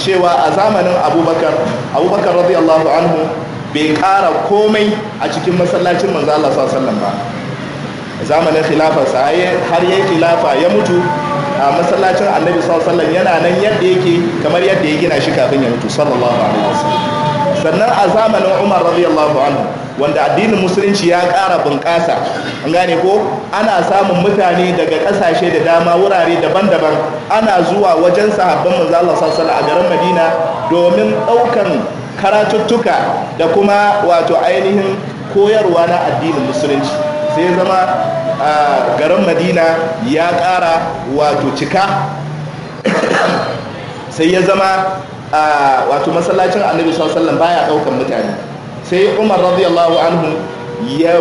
cewa a zamanin abubakar abubakar radiyallahu anhu bai kara komai a cikin masallacin manzo Allah sallallahu alaihi wa sallam ba zamanin khilafarsa har yayi khilafa ya mutu a masallacin annabi sallallahu yana nan yadda yake kamar yadda ya gina shi kafin ya mutu sallallahu alaihi wasallam sannan a zamanin umar radiyallahu anhu wanda addinin musulunci ya ƙara bunƙasa an gane ko ana samun mutane daga ƙasashe da dama wurare daban-daban ana zuwa wajen sahabban manzo Allah sallallahu a garin Madina domin ɗaukan karatuttuka da kuma wato ainihin koyarwa na addinin musulunci sai zama garin madina ya kara wato cika sai ya zama wato masallacin annabi sallallahu baya ɗaukan mutane sai umar radiyallahu anhu ya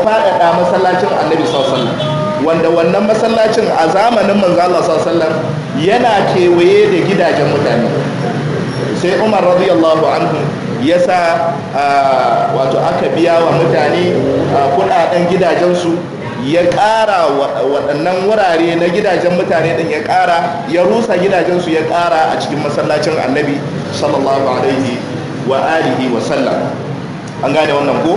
faɗaɗa masallacin annabi sallallahu wanda wannan masallacin a zamanin Allah sallallahu yana kewaye da gidajen mutane sai umar radiyallahu anhu ya sa wato aka biya wa mutane kudaden gidajensu ya ƙara waɗannan wurare na gidajen mutane ɗin ya ƙara ya rusa gidajensu ya ƙara a cikin masallacin annabi sallallahu alaihi wa alihi wa sallam an gane wannan ko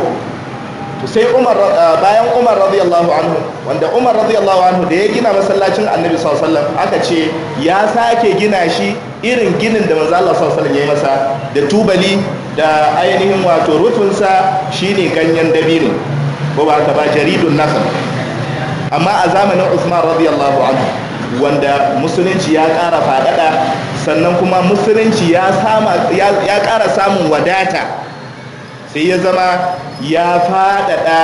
to sai umar ah, bayan umar radiyallahu anhu wanda umar radiyallahu anhu da ya gina masallacin annabi sallallahu alaihi wasallam aka ce ya sake gina shi irin ginin da manzo Allah sallallahu alaihi wasallam ya yi masa da tubali da ainihin wato rufinsa shine ganyen dabino ko ba ka ba jaridun nasr amma a zamanin Usman radiyallahu anhu wanda musulunci ya kara faɗaɗa sannan kuma musulunci ya kara samun wadata sai ya zama ya faɗaɗa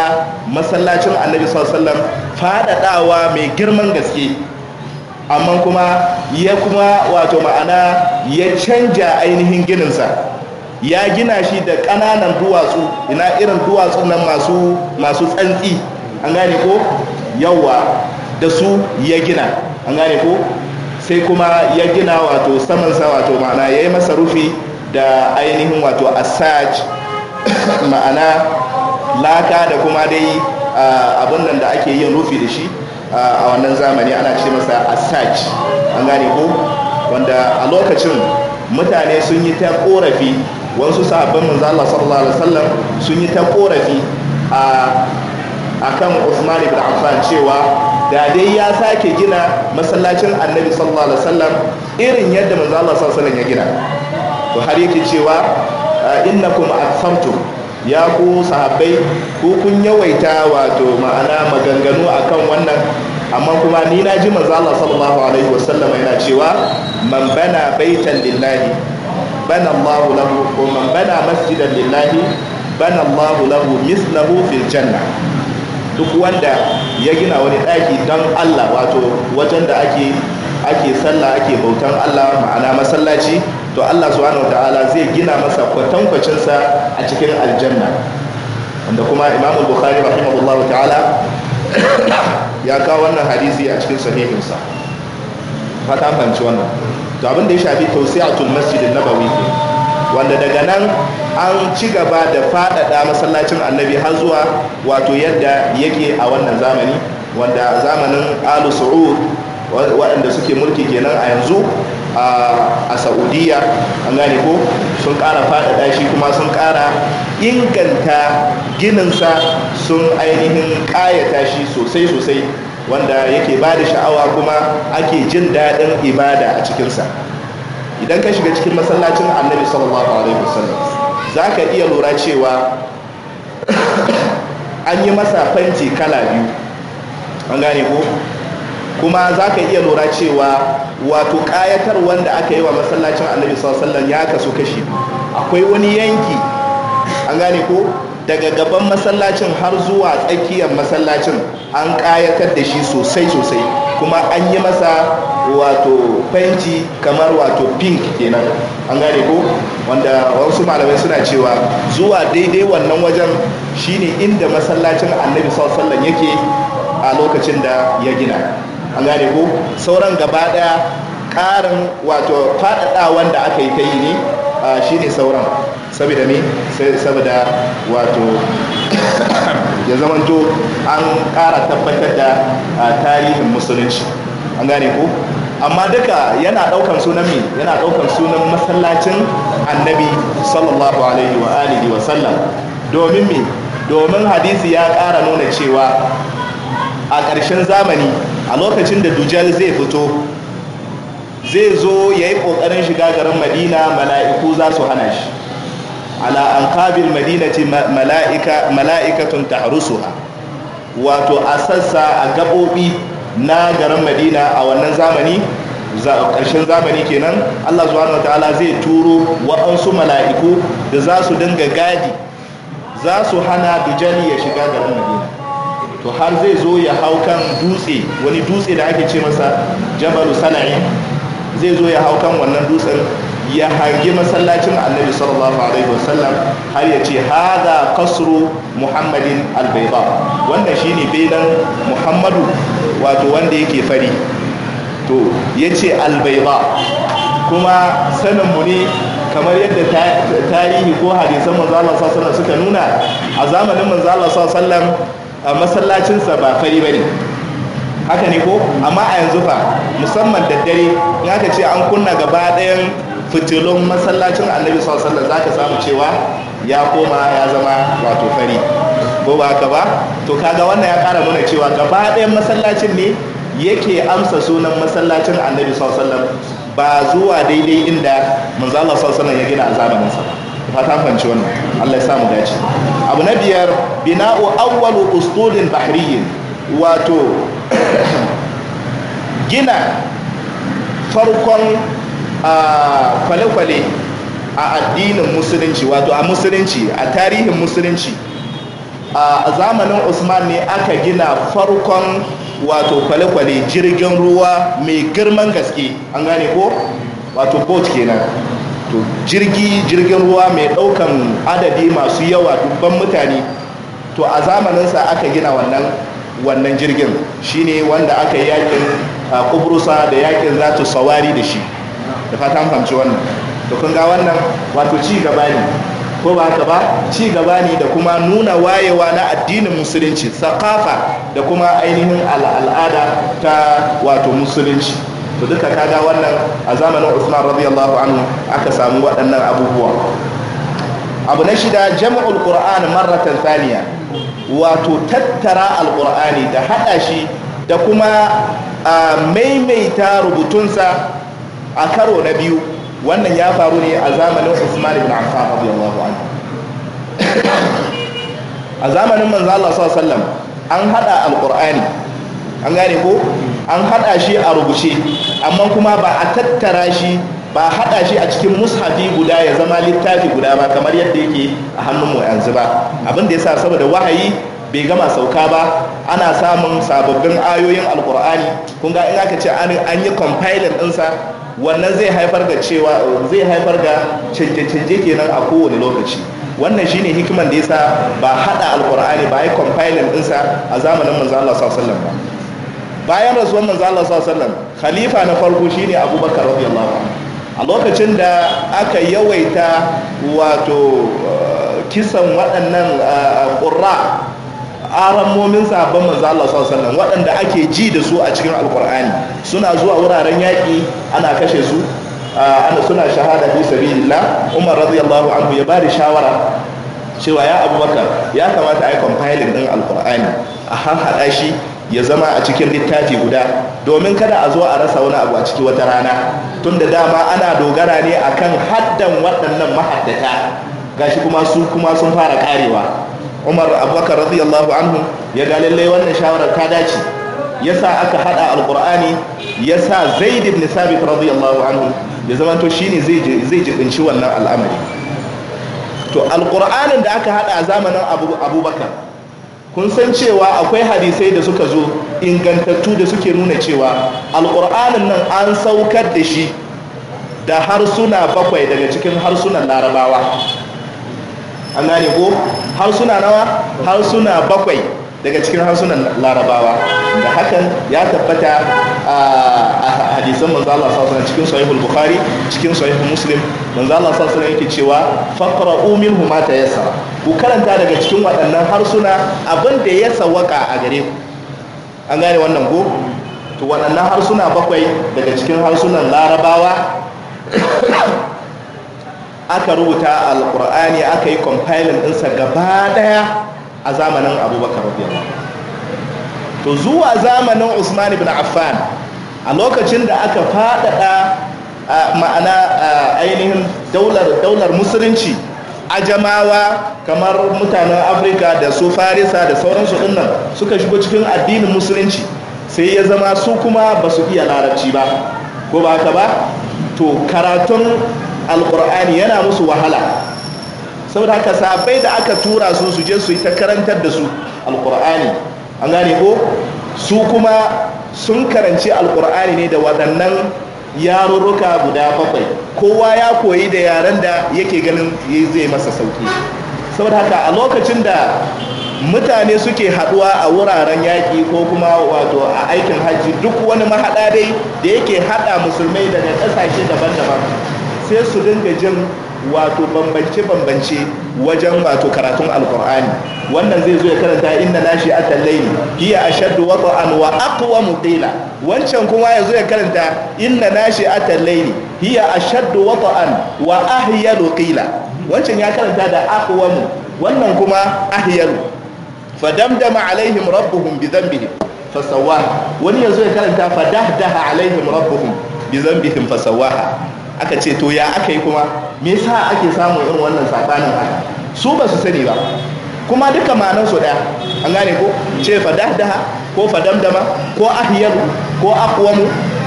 masallacin annabi wasallam faɗaɗawa mai girman gaske amma kuma ya kuma wato ma'ana ya canja ainihin gininsa ya gina shi da ƙananan duwatsu ina irin duwatsu nan masu masu tsantsi an gane ko yawa da su ya gina an gane ko sai kuma ya gina wato samansa wato ma'ana ya yi masa rufi da ainihin wato asaj ma'ana laka da kuma dai abin nan da ake yin rufi da shi a wannan zamani ana ce masa asaj an gane ko wanda a lokacin mutane sun yi ta korafi wasu sabbin manzo sallallahu alaihi wasallam sun yi ta korafi a akan Usman ibn Affan cewa da dai ya sake gina masallacin Annabi sallallahu alaihi wasallam irin yadda manzo sallallahu alaihi wasallam ya gina to har yake cewa innakum akthamtum ya ku sahabbai ku kun yawaita wato ma'ana maganganu akan wannan amma kuma ni na ji manzo Allah sallallahu alaihi wasallam yana cewa man bana baitan lillahi bana Allah lahu ko man bana masjidan lillahi bana Allah lahu mislahu fil janna duk wanda ya gina wani daki dan Allah wato wajen da ake ake sallah ake bautan Allah ma'ana masallaci to Allah subhanahu ta'ala zai gina masa kwatankwacinsa a cikin aljanna wanda kuma Imam Bukhari rahimahullahu ta'ala [coughs] ya kawo wannan hadisi a cikin sahihinsa fata fanci wannan to abin da ya shafi tawsi'atul masjid an-nabawi wanda daga nan an ci gaba da faɗaɗa masallacin annabi har zuwa wato yadda yake a wannan zamani wanda zamanin alu su'ud waɗanda suke mulki kenan a yanzu a saudiya an gane ko sun ƙara faɗaɗa shi kuma sun ƙara inganta gininsa sun ainihin ƙayata shi sosai-sosai wanda yake ba da sha'awa kuma ake jin daɗin ibada a cikinsa idan ka shiga cikin masallacin annabi sallallahu alaihi wasallam za ka iya lura cewa [coughs] an yi masa fanti kala biyu an gane ko kuma za ka iya lura cewa wato kayatar wanda aka yi wa masallacin annabi sallallahu ya kasu kashi akwai wani yanki an gane ko daga gaban masallacin har zuwa tsakiyar masallacin an kayatar da shi sosai sosai kuma an yi masa wato fenti kamar wato pink kenan an gane ko wanda wasu malamai suna cewa zuwa daidai wannan wajen shine inda masallacin annabi sallallahu yake a lokacin da ya gina an gane ko sauran gaba daya karin wato faɗaɗa wanda aka yi ta yi ne shi ne sauran saboda ne saboda wato [coughs] ya zamanto an ƙara tabbatar da tarihin musulunci an gane ko amma duka yana daukan sunan mi yana daukan sunan masallacin annabi sallallahu alaihi wa alihi wa sallam domin mi domin hadisi ya ƙara nuna cewa a ƙarshen zamani a lokacin da dujal zai fito zai zo ya yi ƙoƙarin shiga garin madina mala'iku za su hana shi ala an kabil madinati mala'ikatun taharusuha wato a sassa a gaɓoɓi na garin madina a wannan zamani ƙarshen zamani kenan allah zuwa ta'ala zai turo waɗansu mala'iku da za su dinga gadi za su hana dujali ya shiga garin madina to har zai zo ya hau kan dutse wani dutse da ake ce masa jabalu sana'i zai zo ya hau kan wannan dutsen ya hangi masallacin annabi sallallahu alaihi wasallam har ya ce hada kasru muhammadin albaiba wannan shine bainan muhammadu wato wanda yake fari to ya ce albaiba kuma saninmu ne kamar yadda tarihi ko hadisan manzo Allah sallallahu alaihi suka nuna a zamanin manzo Allah sallallahu alaihi a masallacinsa ba fari ba ne haka ne ko amma a yanzu fa musamman daddare dare in aka ce an kunna gaba ɗayan fitilun masallacin annabi sallallahu za ka samu cewa ya koma ya zama wato fari ko ba haka ba to kaga wannan ya kara mana cewa gaba ɗayan masallacin ne yake amsa sunan masallacin annabi sallallahu ba zuwa daidai inda manzo Allah sallallahu ya gina a fata fanci wannan Allah ya samu dace abu na biyar bina'u awwalu ustulin bahriyin wato [coughs] gina farkon kwale-kwale a addinin musulunci wato a musulunci a tarihin musulunci a zamanin usman ne aka gina farkon wato kwale-kwale jirgin ruwa mai girman gaske an gane ko wato boat kenan to jirgi jirgin ruwa mai daukan adadi masu yawa dubban mutane to a zamaninsa aka gina wannan wannan jirgin shine wanda aka yi yakin kubrusa da yakin zatu sawari da shi da fatan fahimci wannan to kun ga wannan wato ci gaba ne ko ba ka ba ci gaba ne da kuma nuna wayewa na addinin musulunci sakafa da kuma ainihin al'ada ta wato musulunci to duka kaga wannan a zamanin usman radiyallahu anhu aka samu waɗannan abubuwa abu na shida jam'ul qur'an marratan thaniya wato tattara alqur'ani da hada shi da kuma maimaita rubutunsa a karo na biyu wannan ya faru ne a zamanin usman ibn affan radiyallahu anhu a zamanin manzo Allah sallallahu alaihi wasallam an hada alqur'ani an gane ko an haɗa shi a rubuce amma kuma ba a tattara shi ba haɗa shi a cikin mushafi guda ya zama littafi guda ba kamar yadda yake a hannun mu yanzu ba abin da yasa saboda wahayi bai gama sauka ba ana samun sababbin ayoyin alkur'ani kun ga in aka ce an yi compiling sa wannan zai haifar da cewa zai haifar da canje-canje kenan a kowane lokaci wannan shine hikiman da yasa ba haɗa alkur'ani ba yi compiling ɗinsa a zamanin manzo Allah sallallahu ba bayan rasuwan manzo Allah sallallahu alaihi wasallam khalifa na farko shine Abubakar radiyallahu anhu a lokacin da aka yawaita wato uh, kisan waɗannan ƙurra uh, uh, aramomin sabon manzo Allah sallallahu alaihi wasallam waɗanda ake ji da su a cikin alkur'ani suna zuwa wuraren yaƙi ana kashe su ana suna shahada fi sabilillah Umar radiyallahu anhu ya bari shawara cewa ya Abubakar ya kamata a yi compiling ɗin alkur'ani a har haɗashi. ya zama a cikin littafi guda domin kada a zo a rasa wani abu a ciki wata rana tun da dama ana dogara ne a kan haddan waɗannan mahaddata gashi kuma su kuma sun fara karewa umar abubakar radiyallahu anhu ya ga lallai wannan shawarar ta dace ya sa aka hada alkur'ani ya sa zaid ibn sabit radiyallahu anhu ya zama to shine zai jibinci wannan al'amari to alkur'anin da aka hada a zamanin abubakar kun san cewa akwai hadisai da suka zo ingantattu da suke nuna cewa alƙur'anin nan an saukar da shi da harsuna bakwai daga cikin harsunan larabawa an gane ko harsuna nawa harsuna bakwai daga cikin harsunan larabawa da hakan ya tabbata a hadisan manzo Allah sallallahu cikin sahihul bukhari cikin sahihul muslim manzo Allah sallallahu alaihi yake cewa faqra'u minhu ma tayassara ku karanta daga cikin waɗannan harsuna abin da ya sawaka a gare ku an gane wannan ko to waɗannan harsuna bakwai daga cikin harsunan larabawa [coughs] aka rubuta alkur'ani aka yi compiling ɗinsa gaba ɗaya a zamanin abubakar radiyallahu to zuwa zamanin usman bin affan a lokacin da aka faɗaɗa ma'ana ainihin daular musulunci a jamawa kamar mutanen afirka da su farisa da sauransu dinnan suka shigo cikin addinin musulunci sai ya zama su kuma ba su iya larabci ba ko ba ka ba to karatun alkur'ani yana musu wahala saboda haka sabai da aka tura su su je su yi ta karantar da su alkur'ani an gane ko su kuma sun karanci alkur'ani ne da waɗannan yarurruka guda bakwai kowa ya koyi da yaren da yake ganin zai masa sauki saboda haka a lokacin da mutane suke haɗuwa a wuraren yaƙi ko kuma wato a aikin hajji duk wani mahaɗa dai da yake haɗa musulmai daga ƙasashe daban-daban sai su dinga jin wato bambance bambance wajen wato karatun alkur'ani wannan zai zo ya karanta na inna nashi atallaini hiya ashaddu wata'an wa aqwa muqila wancan kuma ya zo ya karanta na inna nashi atallaini hiya ashaddu wata'an wa ahyalu qila wancan ya karanta da mu wannan kuma ahyalu fadamdama alaihim rabbuhum bi dhanbihim fasawaha wani ya zo ya karanta fadahdaha alaihim rabbuhum bi dhanbihim fasawaha aka ce to ya aka yi kuma me yasa ake samun irin wannan sabanin haka su ba su sani ba kuma duka ma'anar su daya an gane ko ce fadahdaha ko fadamdama ko ahyaru ko aqwamu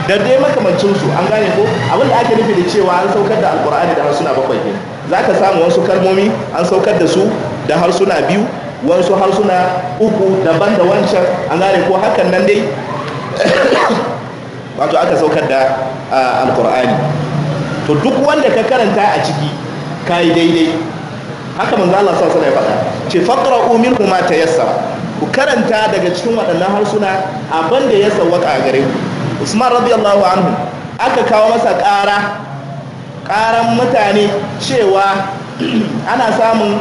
da dai makamancin su an gane ko abin da ake nufi da cewa an saukar da alqur'ani da harsuna bakwai ne zaka samu wasu kalmomi an saukar da su da harsuna biyu wasu harsuna uku daban da wancan an gane ko hakan nan dai [coughs] wato aka saukar da ah, alqur'ani to duk wanda ka karanta a ciki ka yi daidai haka manzo Allah sallallahu alaihi wasallam ya faɗa ce faqra'u minhu ma tayassara ku karanta daga cikin waɗannan harsuna abin da ya sawwaka a gare ku Usman radiyallahu anhu aka kawo masa ƙara ƙaran mutane cewa [clears throat] ana samun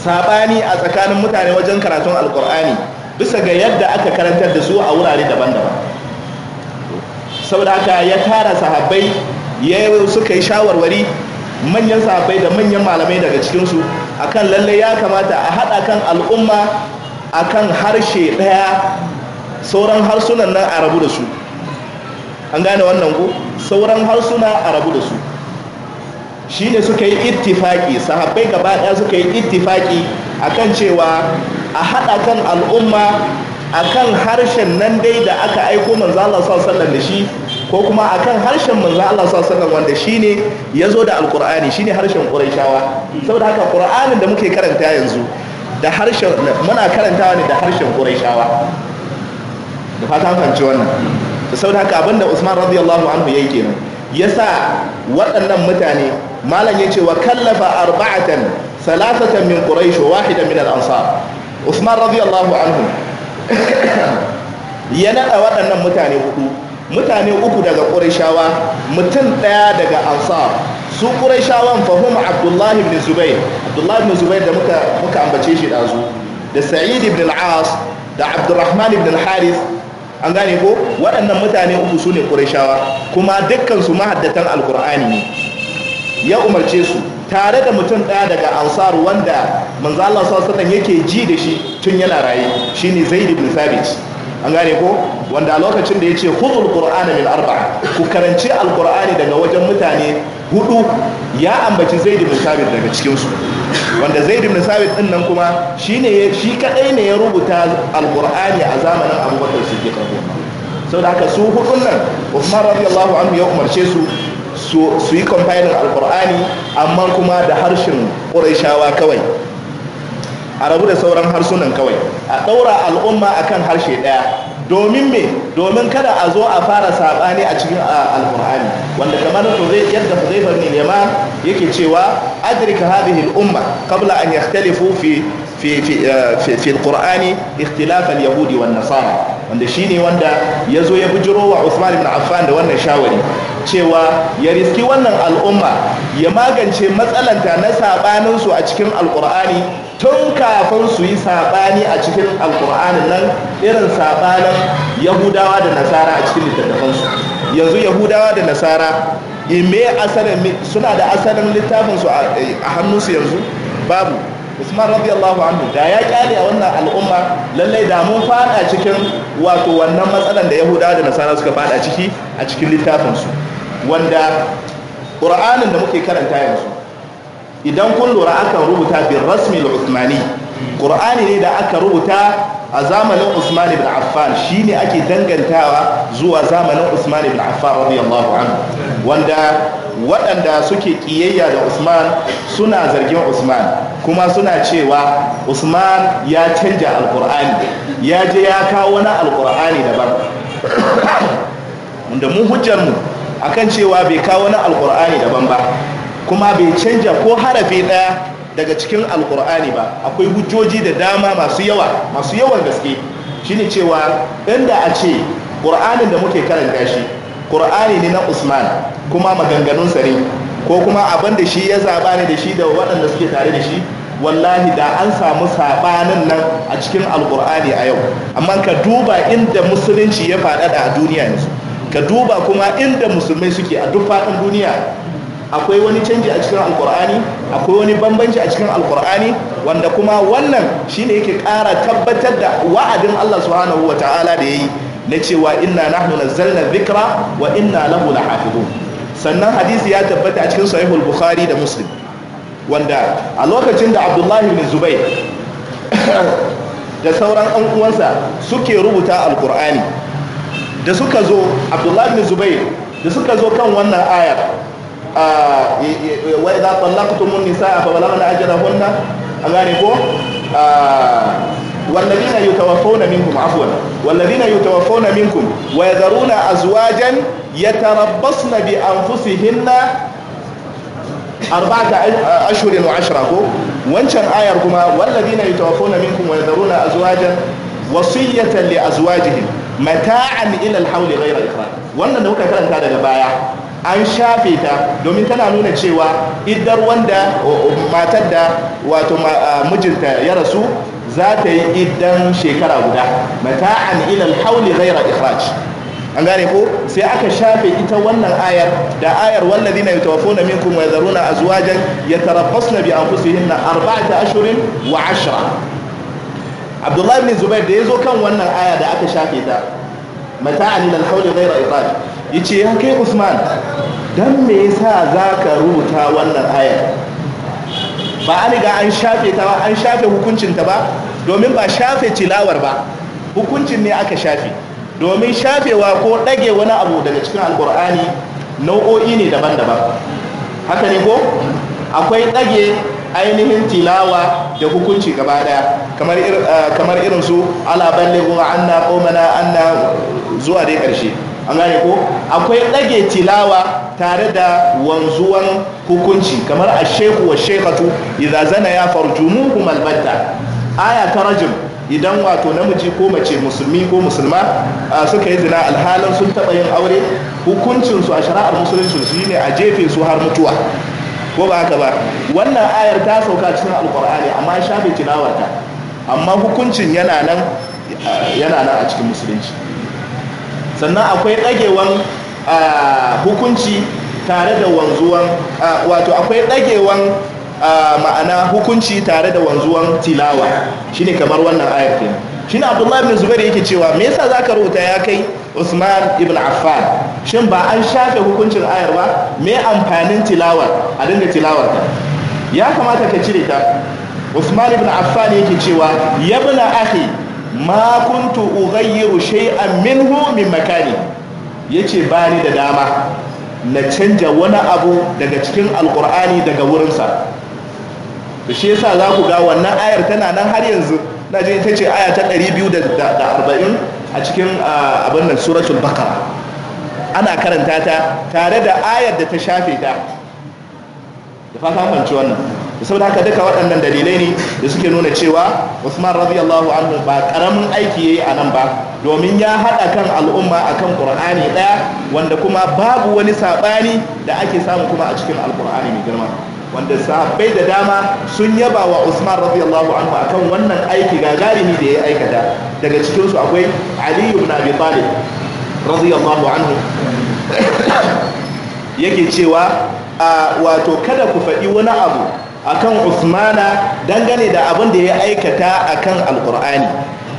sabani a tsakanin mutane wajen karatun alkur'ani bisa ga yadda aka karantar da su a wurare daban-daban saboda haka ya tara sahabbai ya suka yi shawarwari manyan sahabbai da manyan malamai daga cikinsu akan lalle ya kamata a haɗa kan al'umma akan harshe ɗaya sauran harsunan nan a rabu da su an gane wannan ku sauran harsuna a rabu da su Shi ne suka yi ittifaki sahabbai gaba ɗaya suka yi ittifaki akan cewa a haɗa kan al'umma akan harshen nan dai da aka aiko manzo Allah sallallahu da shi ko kuma akan harshen manzo Allah sallallahu alaihi wasallam wanda shine yazo da alqur'ani shine harshen quraishawa saboda haka qur'anin da muke karanta yanzu da harshen muna karantawa ne da harshen quraishawa da fatan fahimci wannan saboda haka abinda Usman radiyallahu anhu yayi kenan yasa waɗannan mutane malam yace wa kallafa arba'atan salasatan min quraish wa wahidan min al-ansar Usman radiyallahu anhu [coughs] ya nada waɗannan mutane hudu mutane uku daga ƙurashawa mutum ɗaya daga ansar su ƙurashawan fahim abdullahi ibn zubair abdullahi ibn zubair da muka ambace shi ɗazu da sa'id ibn al'as da abdurrahman ibn al-haris an gane ko waɗannan mutane uku su ne ƙurashawa kuma dukkansu mahaddatan alkur'ani ne ya umarce su tare da mutum ɗaya daga ansar wanda manzo Allah sallallahu alaihi yake ji da shi tun yana raye shine zaid ibn thabit an gane ko wanda a lokacin da ya ce hudul qur'ana min arba'a ku karance alkur'ani daga wajen mutane hudu ya ambaci zai dimin sabit daga cikinsu. wanda zai dimin sabit din nan kuma shine shi kadai ne ya rubuta Alƙur'ani a zamanin abubakar siddiq Sau da haka su hudun nan Uthman radiyallahu anhu ya umarce su su yi compiling alqur'ani amma kuma da harshen quraishawa kawai a rabu da sauran harsunan kawai a ɗaura al'umma a kan harshe ɗaya domin me domin kada a zo a fara saɓani a cikin alkur'ani wanda kamar yadda huzaifa bin yake cewa adrika hadhihi al'umma qabla an yakhtalifu fi fi fi eh, fi alqur'ani ikhtilaf wan nasara wanda shi ne wanda ya zo ya bujiro wa Usman ibn Affan da wannan shawari cewa ya riski wannan al'umma ya magance matsalanta na saɓaninsu a cikin alkur'ani tun kafin su yi saɓani a cikin Alƙur'ani nan irin saɓanin yahudawa da nasara a cikin littattafansu yanzu yahudawa da nasara ime eh, asalin suna da asalin littafinsu a eh, hannunsu yanzu babu usman radiyallahu anhu da ya kyale a wannan al'umma lallai da mun fada cikin wato wannan matsalan da yahudawa da nasara suka fada ciki a cikin littafinsu wanda ƙur'anin da muke karanta yanzu idan kun lura akan rubuta bin rasmi al-usmani ƙur'ani ne da aka rubuta a zamanin usman ibn affan shi ne ake dangantawa zuwa zamanin usman ibn affan radiyallahu anhu wanda waɗanda suke ƙiyayya da usman suna zargin usman kuma suna cewa usman ya canja alƙur'ani ya je ya kawo wani alƙur'ani daban wanda mu hujjarmu akan cewa bai kawo wani alƙur'ani daban ba kuma bai canja ko harafi ɗaya daga cikin alkur'ani ba akwai hujjoji da dama masu yawa masu yawan gaske shine cewa inda a ce kur'anin da muke karanta shi ƙur'ani ne na usman kuma maganganun sare. ko kuma abin da shi ya zaba ne da shi da waɗanda suke tare da shi wallahi da an samu sabanin nan a cikin alkur'ani a yau amma ka duba inda musulunci ya faɗaɗa a duniya yanzu ka duba kuma inda musulmai suke a duk faɗin duniya akwai wani canji a cikin alkur'ani akwai wani bambanci a cikin alkur'ani wanda kuma wannan shi ne yake ƙara tabbatar da wa'adin Allah subhanahu ta'ala da yi na cewa inna nahnu nazzalna zikra wa inna lahu lahafizun sannan hadisi ya tabbata a cikin sahihul bukhari da muslim wanda a lokacin da abdullahi bin zubai [coughs] da sauran an uwansa suke rubuta alkur'ani da suka zo abdullahi bin zubai da suka zo kan wannan ayar Ah, wa idza talaqtum an-nisaa fa balaghna ajalahunna agare ko ah, walladhina yatawaffawna minkum afwan walladhina yatawaffawna minkum wa yadharuna azwajan yatarabbasna bi anfusihinna arba'ata ah, ashhurin wa ashra ko wancan ayar kuma walladhina yatawaffawna minkum wa yadharuna azwajan wasiyatan li azwajihim mata'an ila al-hawli ghayra ikhra wannan da muka karanta daga baya an shafe ta domin tana nuna cewa idar wanda matar da wato mijinta ya rasu za ta yi idan shekara guda mata'an ilal hauli ghaira ikhraj an gane ko sai aka shafe ita wannan ayar da ayar wallazina yatawaffawna minkum wa yadharuna azwajan yatarabbasna bi anfusihinna arba'ata ashhurin wa ashra Abdullahi ibn Zubair da yazo kan wannan aya da aka shafe ta mata'an ilal hauli ghaira ikhraj ya ya kai usman don me yasa za ka rubuta wannan ayar ba an riga an shafe ta ba an shafe hukuncinta ba domin ba shafe tilawar ba hukuncin ne aka shafe domin shafewa ko ɗage wani abu daga cikin alkur'ani nau'o'i ne daban-daban haka ne ko akwai ɗage ainihin tilawa da hukunci gaba daya kamar irin su ala ballighu anna qawmana anna zuwa dai ƙarshe an gane ko akwai ɗage tilawa tare da wanzuwan hukunci kamar a sheku wa shekatu idan zana ya farjumu kuma albatta aya ta rajim idan wato namiji ko mace musulmi ko musulma suka yi zina alhalin sun taɓa yin aure hukuncinsu a shari'ar musulunci su ne a jefe su har mutuwa ko ba haka ba wannan ayar ta sauka cikin alkur'ani amma shafe tilawarta amma hukuncin yana nan a cikin musulunci sannan akwai ɗagewan ah, hukunci tare da wanzuwan ah, wato akwai ɗagewan ah, ma'ana hukunci tare da wanzuwan tilawa shine kamar wannan ayar shi ne abdullahi ibn zubair yake cewa me yasa za ka rubuta ya kai usman ibn affan shin ba an shafe hukuncin ayar ba me amfanin tilawar a dinga tilawar ta ya kamata ka cire ta usman ibn affan yake cewa yabna akhi ma kuntu ughayyiru shay'an minhu min makani yace bani da dama na canja wani abu daga cikin alkur'ani daga wurinsa da shi yasa za ku ga wannan ayar tana nan har yanzu na je ita ce aya ta 240 a cikin abin nan suratul bakara ana karanta ta tare da ayar da ta shafe ta da fata fahimci wannan saboda haka duka waɗannan dalilai ne da suke nuna cewa Usman radiyallahu anhu ba karamin aiki yayi a nan ba domin ya haɗa kan al'umma a akan ƙurani ɗaya wanda kuma babu wani saɓani da ake samu kuma a cikin Alƙur'ani mai girma wanda sahabbai da dama sun yaba wa Usman radiyallahu anhu kan wannan aiki gagarumi da ya aikata daga cikinsu akwai Aliyu ibn Abi Talib radiyallahu anhu [coughs] yake cewa wato kada ku faɗi wani abu akan usmana dangane da abin da ya aikata akan alkur'ani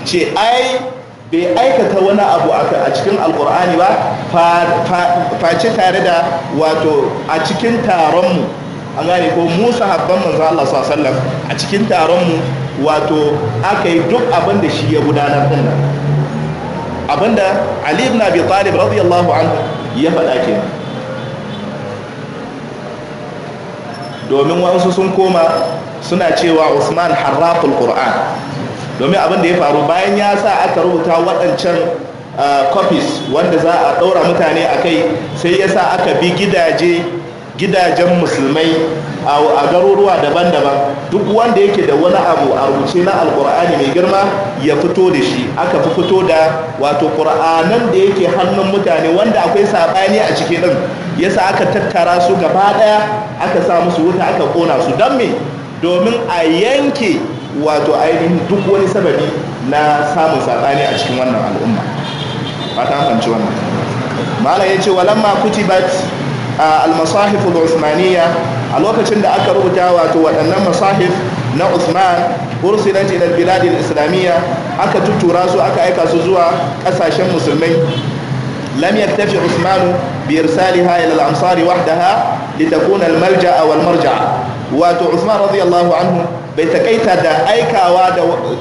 ce ai bai aikata wani abu a cikin alkur'ani ba face tare da wato a cikin taronmu an gane ko musa habban manzo Allah sallam a cikin taronmu wato aka yi duk abin da shi ya gudanar din nan abinda ali ibn abi talib radiyallahu anhu ya faɗa kenan domin wasu sun koma suna cewa usman harraful qur'an domin abin da ya faru bayan ya sa aka rubuta waɗancan uh, copies wanda za a ɗaura mutane a kai sai ya sa aka bi gidaje gidajen musulmai a garuruwa daban-daban duk wanda yake da wani abu a rubuce na alkur'ani mai girma ya fito da shi aka fi fito da wato kur'anan da yake hannun mutane wanda akwai saɓani a ciki ɗin yasa aka tattara su gaba ɗaya aka sa musu wuta aka ƙona su don me domin a yanke wato ainihin duk wani sababi na samun saɓani a cikin wannan al'umma ba ta fahimci wannan malam ya ce walamma kutibat al-masahif al-usmaniyya a lokacin da aka rubuta wato waɗannan masahif na Uthman ursilat ila bilad islamiyya aka tuttura su aka aika su zuwa ƙasashen musulmai lam yaktafi Uthman bi irsaliha ila al-amsar wahdaha litakuna al-malja'a wal marja'a wato Uthman radiyallahu anhu bai takaita da aikawa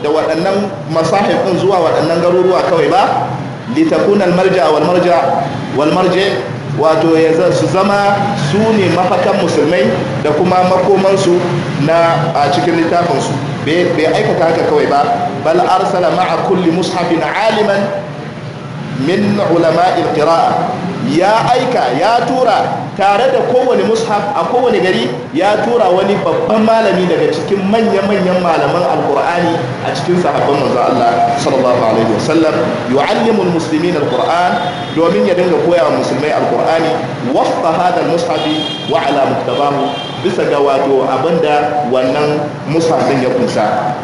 da waɗannan masahif ɗin zuwa waɗannan garuruwa kawai ba litakuna al-malja'a wal marja'a wal marja'a wato ya su zama su ne mafakan musulmai da kuma makomansu na a cikin littafinsu bai aikata haka kawai ba bal arsala ma'a kulli mushafin aliman min ulama'il qira'a ya aika ya tura tare da kowane mushaf a kowane gari ya tura wani babban malami daga cikin manya-manyan malaman alkur'ani a cikin sahabban manzo Allah sallallahu alaihi wasallam yu'allimu almuslimin alquran domin ya dinga koya wa musulmai alkur'ani wafqa hada almushafi wa ala muktabahu bisa ga wato abinda wannan mushaf din ya kunsa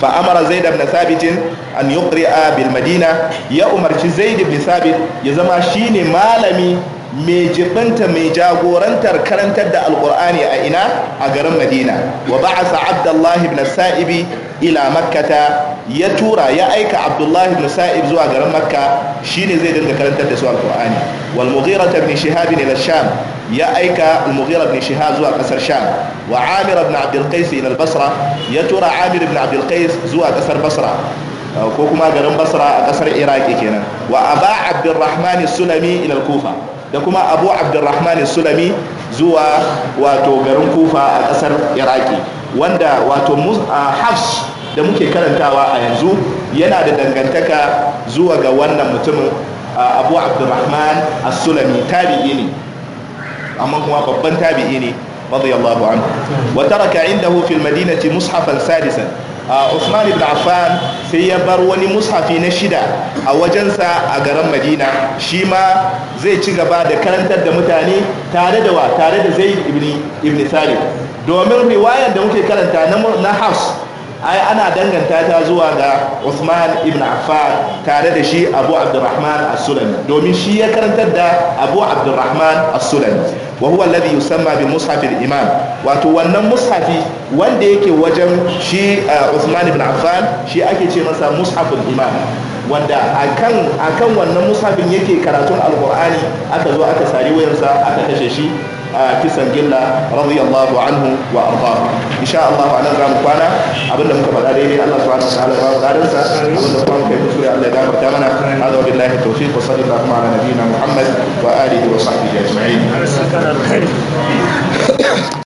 fa amara zaid ibn thabit an yuqri'a bil madina ya umarci zaid ibn thabit ya zama shine malami mai jibinta mai jagorantar karantar da alkur'ani a ina a garin madina wa ba'asa abdullahi ibn sa'ibi ila makkata ya tura ya aika abdullahi ibn sa'ib zuwa garin makka shine zai dinga karantar da su alkur'ani wal mughira ibn shihab ila sham ya aika al-mughira ibn shihab zuwa kasar sham wa amir ibn abd al-qais ila al-basra ya tura amir ibn abd al-qais zuwa kasar basra uh, ko kuma garin basra a kasar iraki kenan wa aba al-rahman sulami ila al-kufa da kuma abu al-rahman sulami zuwa wato garin kufa a kasar iraki wanda wato uh, hafs da muke karantawa a yanzu yana da dangantaka zuwa ga wannan mutumin uh, abu rahman as-sulami tabi'i ne amma kuma babban tabi'i ne radiyallahu anhu wa taraka indahu fil madinati mushafan sadisan Usman ibn Affan sai ya bar wani mushafi na shida a wajensa a garin Madina shi ma zai ci gaba da karantar da mutane tare da wa tare da zai ibn ibn domin riwayar da muke karanta na Hafs ai ana danganta ta zuwa ga Usman ibn Affan tare da shi Abu Abdurrahman As-Sulami domin shi ya karantar da Abu Abdurrahman As-Sulami wa huwa alladhi yusamma bi mushaf al wato wannan mushafi wanda yake wajen shi uh, Uthman Bin Affan shi ake ce masa mushaf iman. wanda a kan wannan mushafin yake karatun alqur'ani aka zo aka sari wayarsa aka kashe shi a kisan gilla radiyallahu anhu wa ardahu insha Allah anan zamu kwana abinda muka faɗa daidai Allah subhanahu wa ta'ala ya ba mu sa abinda kuma muka yi kuskure Allah ya gafarta mana hada wa billahi tawfiq wa sallallahu ala nabiyyina Muhammad wa alihi wa sahbihi ajma'in